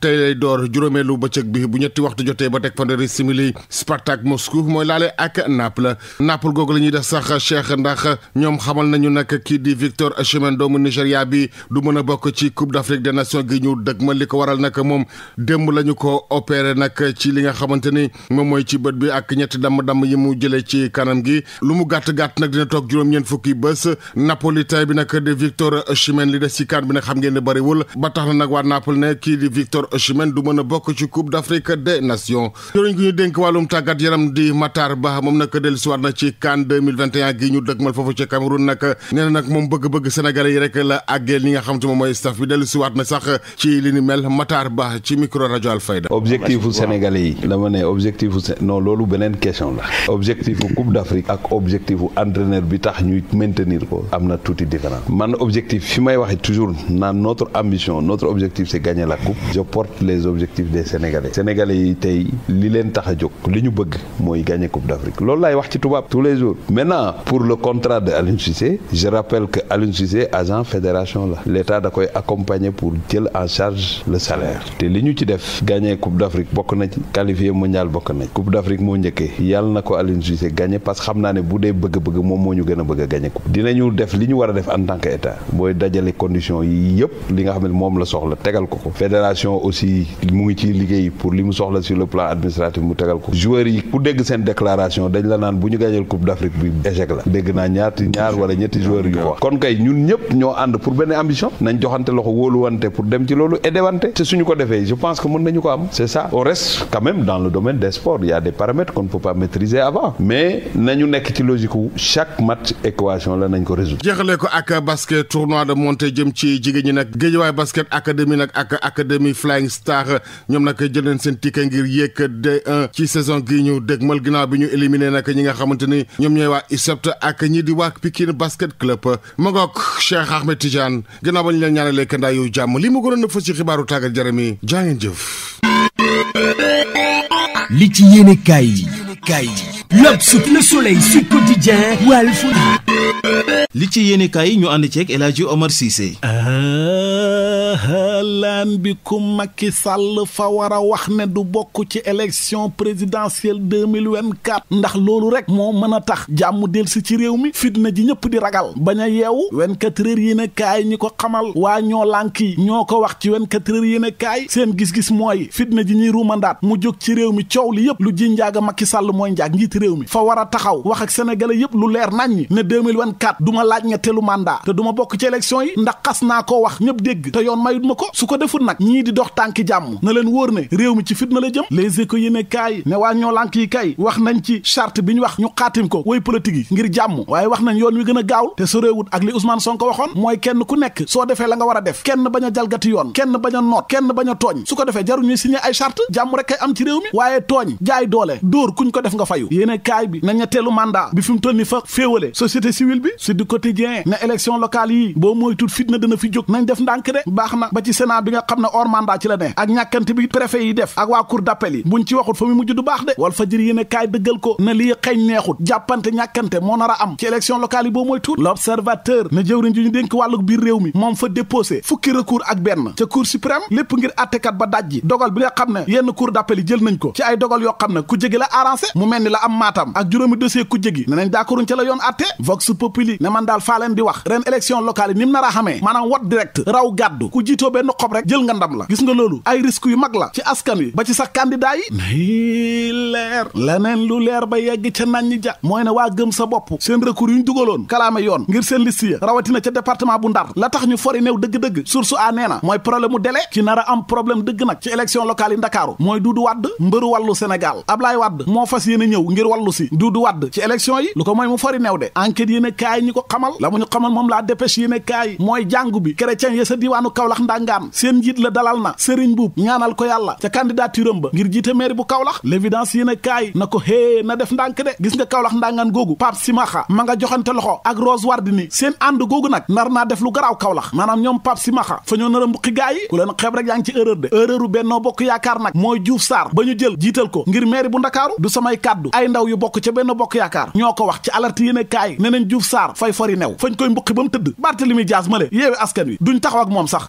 tey lay door juróomeelu bëccëg bi bu ñetti waxtu jotee ba teg fanweeri simili Spartak Moscou mooy laale ak Naples Naples googu la ñuy def sax Cheikh ndax ñoom xamal nañu nag kii di Victor Osimhen doomu Nigéria bi du mën a bokk ci Coupe d'Afrique des Nations gi ñu dëgg ma li ko waral nag moom démb la ñu ko opéré nag ci li nga xamante ni moom mooy ci bët bi ak ñetti damm-damm yi mu jëlee ci kanam gi lu mu gàtt-gàtt nag toog juróom-ñeent fukki bés Napoli bi nag de Victor Osimhen li des ci kan bi nag xam ngeen ne bëriwul ba tax na nag waa Naples ne kii di Victor Victor Osimhen du mën a bokk ci Coupe d'Afrique des Nations joriñ wàllum tàggat yaram di Matar Ba moom nag dellusiwaat na ci CAN 2021 gi ñu dëgmal foofu ci Cameroun nag na nag moom bëgg-bëgg Sénégalais yi la àggee li nga xam te moom mooy staff bi dellusiwaat na sax ci li ni mel Matar Ba ci micro rajo Alfayda objectif u Sénégalais yi dama ne objectif u non loolu beneen question la objectif u Coupe d'Afrique ak objectif u entraîneur bi tax ñuy maintenir ko am na tuuti différent man objectif fi may waxe toujours naan notre ambition notre objectif c'est gagner la coupe porte les objectifs des sénégalais sénégalais yi tey li leen tax a jóg li ñu bëgg mooy gagner coupe d'Afrique loolu laay wax ci tubaab tous les jours maintenant pour le contrat de Aliou Cissé je rappelle que Aliou Cissé agent fédération la l'état da koy accompagner pour jël en charge le salaire te li ñu ci def gagner coupe d'Afrique bokk na ci qualifié mondial bokk na ci coupe d'Afrique moo njëkkee yàlla na ko Aliou Cissé gagner parce que xam naa ne bu dee bëgg-bëgg moom moo ñu gën bëgg a gagner coupe dinañu li ñu war def en tant que état booy dajale yi yëpp li nga xam ne moom la soxla tegal ko ko fédération Gaston aussi mu ngi ciy liggéey pour li mu soxla sur le plan administratif mu tegal ko joueurs yi ku dégg seen déclaration dañ la naan bu ñu gàñal coupe d'Afrique bi échec la dégg naa ñaati ñaar wala ñetti joueurs yu wax kon kay ñun ñëpp ñoo ànd pour benn ambition nañ joxante loxo wóoluwante pour dem ci loolu edewante te suñu ko defee je pense que mën nañu ko am c'est ça on reste quand dans le domaine des sports a de montée jëm ci jigéen Flying Star ñoom nag jël seen ticket ngir yéeg ci saison gi ñu dégmal ginnaaw bi ñu éliminé nag ñi nga xamante ni ñoom ñooy waa ISEPT ak ñi di waa Pikine Basket Club ma ngoog Cheikh Ahmed Tidiane ginnaaw ba ñu leen ñaanalee kandaa yu jàmm li mu gënoon a fës ci xibaaru tàggat jarami jaa ci yéene kaay yi kaay yi. L'Obs, Le Soleil, Sud Quotidien, Walf. li ci yéene yi ñu ànd ceeg El Omar Cissé. Ah. halaan bi ku Macky Sall fa war a wax ne du bokk ci élection présidentielle 2024 ndax loolu rek moo mën a tax jàmm delsi ci réew mi fitna ji ñëpp di ragal bañ a yeewu 24 heures yéen a kaay ñi ko xamal waa ñoo lank yi ñoo ko wax ci 24 heures yéen kaay seen gis-gis mooy fitna ji ñuy ruumandaat mu jóg ci réew mi coow li yëpp lu ji njaaga Macky sàll mooy njaag njiit réew mi fa war a taxaw wax ak sénégalais yëpp lu leer nañ ne 2024 du ma laaj ñetteelu mandat te du ma bokk ci élection yi ndax yoon mayut ma ko su ko deful nag ñii di dox tànki jàmm na leen wóor ne réew mi ci fitna la jëm les échos yéene kaay ne waa ñoo lànk yi kay wax nañ ci charte bi ñu wax ñu xaatim ko woy politique yi ngir jàmm waaye wax nañ yoon wi gën a gaawul te soréewut ak li Ousmane Sonko waxoon mooy kenn ku nekk soo defee la nga war a def kenn bañ a jalgati yoon kenn bañ a noot kenn bañ a tooñ su ko defee jaru ñuy signé ay charte jàmm rek kay am ci réew mi waaye tooñ jaay doole dóor kuñ ko def nga fayu yéene kaay bi na ñetteelu mandat bi fi mu toll ni fa féewale société civile bi Sud Quotidien ne élection locale yi boo mooy tut fitna dina fi def ndànk de baax na ba ci sénat bi nga xam ne hors mandat ci la ne ak ñàkkante bi préfet yi def ak waa cour d'appel yi ci waxut fa mu mujj du baax de wal fajër yéen a kaay dëggal ko na lii xeeñ neexut jàppante ñàkkante moo nar a am ci élection locale yi boo mooy tuut l'observateur ne jëwriñ ji ñu dénk wàlluk biir réew mi moom fa déposé fukki recours ak benn ca cour suprême lépp ngir attekat ba dajji dogal bi nga xam ne yenn cour d'appel yi jël nañ ko ci ay dogal yoo xam ne ku jégi la arrangé mu mel ni la am maatam ak juróomi dossier la yoon atte vox populi ne man daal faa di wax ren élection locale xamee maanaam wot direct raw gàddu ku jiitoo benn xob rek jël nga ndam la gis nga loolu ay risques yu mag la ci askan wi ba ci sax candidat yi nay leer leneen lu leer ba yegg ca nañ ñi ja mooy ne waa gëm sa bopp seen recours yu ñu dugaloon kalaame yoon ngir seen liste ya rawatina ca département bu ndar la tax ñu fori néew dëgg-dëgg source a nee na mooy problème mu délai ci nar a am problème dëgg nag ci élection locale yi ndakaaru mooy duudu wàdd mbëru wàllu Sénégal Ablaye Wàdd moo fas yéene ñëw ngir wàllu si duudu wàdd ci élection yi lu ko mooy mu fori néew de enquête yéene kaay ñi ko xamal Kaolack ndàngaam seen njiit la dalal na Serigne Boub ñaanal ko yàlla ca candidature am ba ngir jiite maire bu Kaolack l'évidence yéen a kaay na ko hée na def ndànk de gis nga Kaolack ndàngaan googu Pape Simaxa ma nga joxante loxo ak Rose Wardini seen ànd googu nag nar naa def lu garaaw kawlax maanaam ñoom Pape Simaxa fa ñoo nar a mbuqi gaa yi ku leen xeeb rek yaa ngi ci erreur de erreuru Benno Bokk Yaakaar nag mooy Diouf Sarr ba ñu jël jiital ko ngir maire bu Ndakaaru du samay kàddu ndaw yu bokk ca Benno Bokk Yaakaar ñoo ko wax ci alerte yéen a ne neen Diouf Sarr fay fori new fañ ba mu tëdd Barthélemy Dias male askan wi duñ taxaw moom sax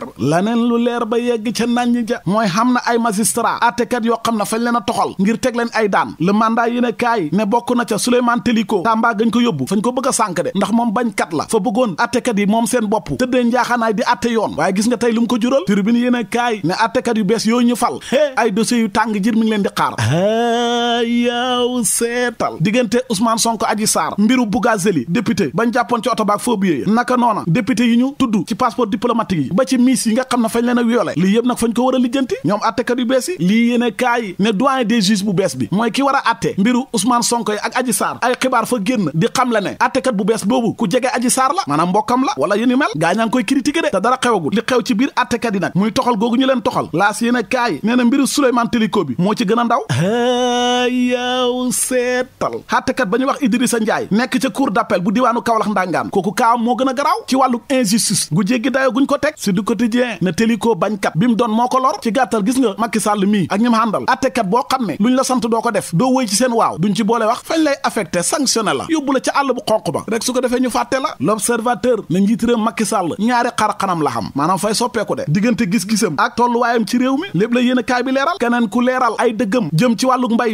leer laneen lu leer ba yegg ca nañ ja mooy xam na ay magistrat àttekat yoo xam ne fañ leen a toxal ngir teg leen ay daan le mandat yi ne kaay ne bokk na ca Souleymane Teliko Tamba gañ ko yóbbu fañ ko bëgg a sànk de ndax moom bañ kat la fa bëggoon àttekat yi moom seen bopp tëddee njaaxanaay di àtte yoon waaye gis nga tey lu ko jural tribune yéen a kaay ne àttekat yu bees yooyu ñu fal hé ay dossiers yu tàng jir mi leen di xaar ah, yaaw seetal diggante Ousmane Sonko Adji Sarr mbiru Bougazeli député bañ jàppoon ci oto baak foo biyee yi ñu tudd ci passeport diplomatique miss yi nga xam ne fañ leen a violé lii yëpp nag fañ ko war a lijjanti ñoom attekat yu bees yi lii yéene kaay ne doyen des juges bu bees bi mooy ki war a atte mbiru Ousmane Sonko yi ak Adji Sarr ay xibaar fa génn di xam la ne attekat bu bees boobu ku jege Adji Sarr la maanaam mbokkam la wala yéni mel gaa ñaa ngi koy de te dara xewagul li xew ci biir attekat yi nag muy toxal googu ñu leen toxal laas yéene kaay nee na mbiru Souleymane Teliko a ba ñuy wax Idrissa Ndiaye nekk ca cour d'appel bu diwaanu Kaolack ndangaan kooku kaam moo a quotidien ne Téliko bañkat bi mu doon moo ko lor ci gàttal gis nga Macky Sall mii ak ñim àndal attekat boo xam ne luñ la sant doo ko def doo wëy ci seen waaw duñ ci boole wax fañ lay affecté sanctionné la yóbbu la ca àll bu xonq ba rek su ko defee ñu fàtte la l'observateur ne njiit réew ñaari xar xanam la xam maanaam fay soppeeku de diggante gis-gisam ak tolluwaayam ci réew mi lépp la yéene kaay bi leeral keneen ku leeral ay dëggam jëm ci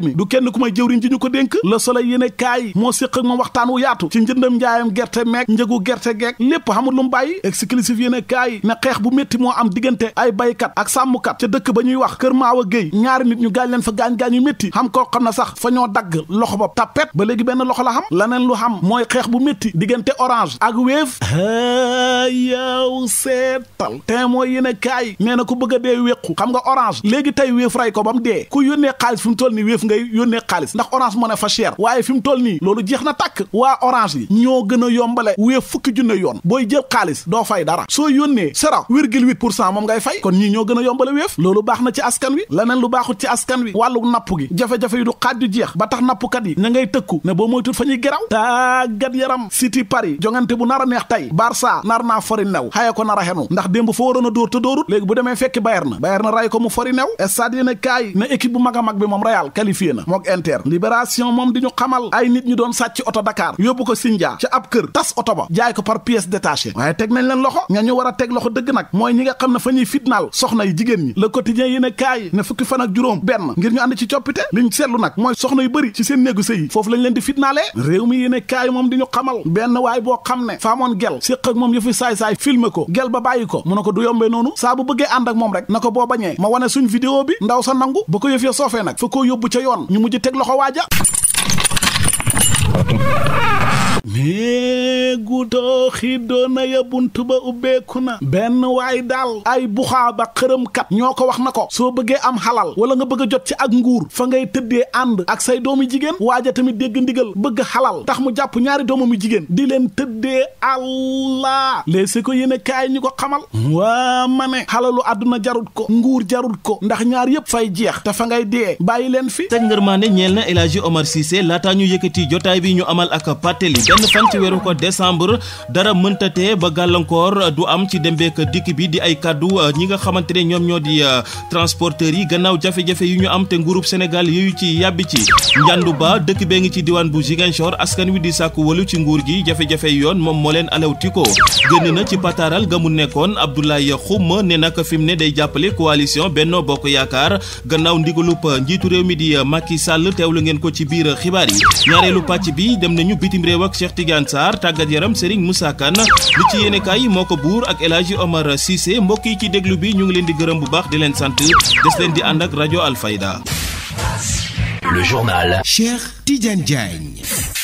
mi du kenn ku may jëwriñ ko dénk le soleil yéene kaay moo séq ak moom waxtaan wu yaatu ci njëndam njaayam gerte meeg njëgu gerte geeg lépp xamul lu mu bàyyi exclusif yéene kaay ne xeex bu métti moo am diggante ay baykat ak sàmmkat ca dëkk ba ñuy wax kër Maawa Géey ñaari nit ñu gaañ leen fa gaañ-gaañ yu métti xam koo xam na sax fa ñoo dagg loxo ba tapet ba léegi benn loxo la xam laneen lu xam mooy xeex bu métti diggante orange ak wéef ah, yow seetal te mooy yéen a kaay nee na ku bëgg dee wéqu xam nga orange léegi tey wéef rey ko ba mu dee ku yónnee xaalis fi mu toll nii wéef ngay yónnee xaalis ndax orange moo ne fa cher waaye fi toll nii loolu jeex na tàkk waa orange yi ñoo gën a yombale wéef fukki yoon booy jël xaalis doo fay dara soo yónnee sera virgule huit pour cent moom ngay fay kon ñii ñoo gën a yombale wéef loolu baax na ci askan wi leneen lu baaxut ci askan wi wàllu napp gi jafe-jafe yi du xaaj du jeex ba tax nappkat yi ña ngay tëkku ne boo moytul fa ñuy geraw tàggat yaram City Paris jongante bu nar a neex tey Barça nar naa fori new xaye ko nar a xenu ndax démb fa waroon a dóor te dóorut léegi bu demee fekki Bayern na Bayern na ray ko mu fori new stade yéen kaay bu mag a mag bi moom Real qualifié na mook Inter moom di ñu xamal ay ñu doon sàcc oto Dakar yóbbu ko Sindia ci ab oto ba jaay ko par pièce détachée waaye teg nañ leen loxo nga ñu mooy ñi nga xam ne fa ñuy fitnaal soxna yi jigéen ñi le quotidien yéen a kaay ne fukki fan ak juróom benn ngir ñu ànd ci coppite liñ seetlu nag mooy soxna yu bëri ci seen néegu sëy foofu lañ leen di fitnaalee réew mi yéen a kaay moom di ñu xamal benn waay boo xam ne faamoon gel séq ak moom yëfi saay-saay filmer ko gel ba bàyyi ko mu ne ko du yombee noonu saa bu bëggee ànd ak moom rek na ko boo bañee ma wane suñ vidéo bi ndaw sa nangu ba ko yëf ya soofee nag koo yóbbu ca yoon ñu mujj teg loxo waaja mais guddoo xiddoo na ya bunt ba ubbeeku na benn waay daal ay buxaa xërëm kat ñoo ko wax na ko soo bëggee am xalal wala nga bëgg a jot ci ak nguur fa ngay tëddee ànd ak say doomu jigéen waaja tamit dégg ndigal bëgg xalal tax mu jàpp ñaari doomu mu jigéen di leen tëddee allah léegi ko yéene kaay ñu ko xamal waa ma ne xalalu àdduna jarut ko nguur jarut ko ndax ñaar yëpp fay jeex te fa ngay dee bàyyi leen fi teg ngërmaande ñeel na El Hadji Omar Cissé laataa ñu yëkkati jotaay bi ñu amal ak pàttali benn fan ci weeru ko décembre dara mëntatee ba gàllankoor du am ci dembeek dikk bi di ay kàddu euh, ñi nga xamante ne ñoom ñoo di euh, transporteurs yi gannaaw jafe-jafe yu ñu am te nguurub Sénégal yooyu ci yàbbi ci njàndu ba dëkk bee ngi ci diwaan bu Ziguinchor askan wi di sàkku walu ci nguur gi jafe-jafe yoon moom moo leen alawtiko génn na ci pataaral ga mu nekkoon Abdoulaye Xuma ne nag fi mu ne day jàppale coalition Benno Bokk Yaakaar gannaaw ndigalub euh, njiitu réew mi di Macky Sall teewlu ngeen ko ci biir xibaar yi pàcc bi dem nañu bitim réew ak Cheikh Tidiane Sarr tàggat yaram Serigne Moussa Kane li ci yéene kaay moo ko buur ak El Hadji Omar Cissé mbokk yi ci déglu bi ñu ngi leen di gërëm bu baax di leen sant des leen di ànd ak rajo Alfayda. Le journal Cheikh Tidiane Diagne.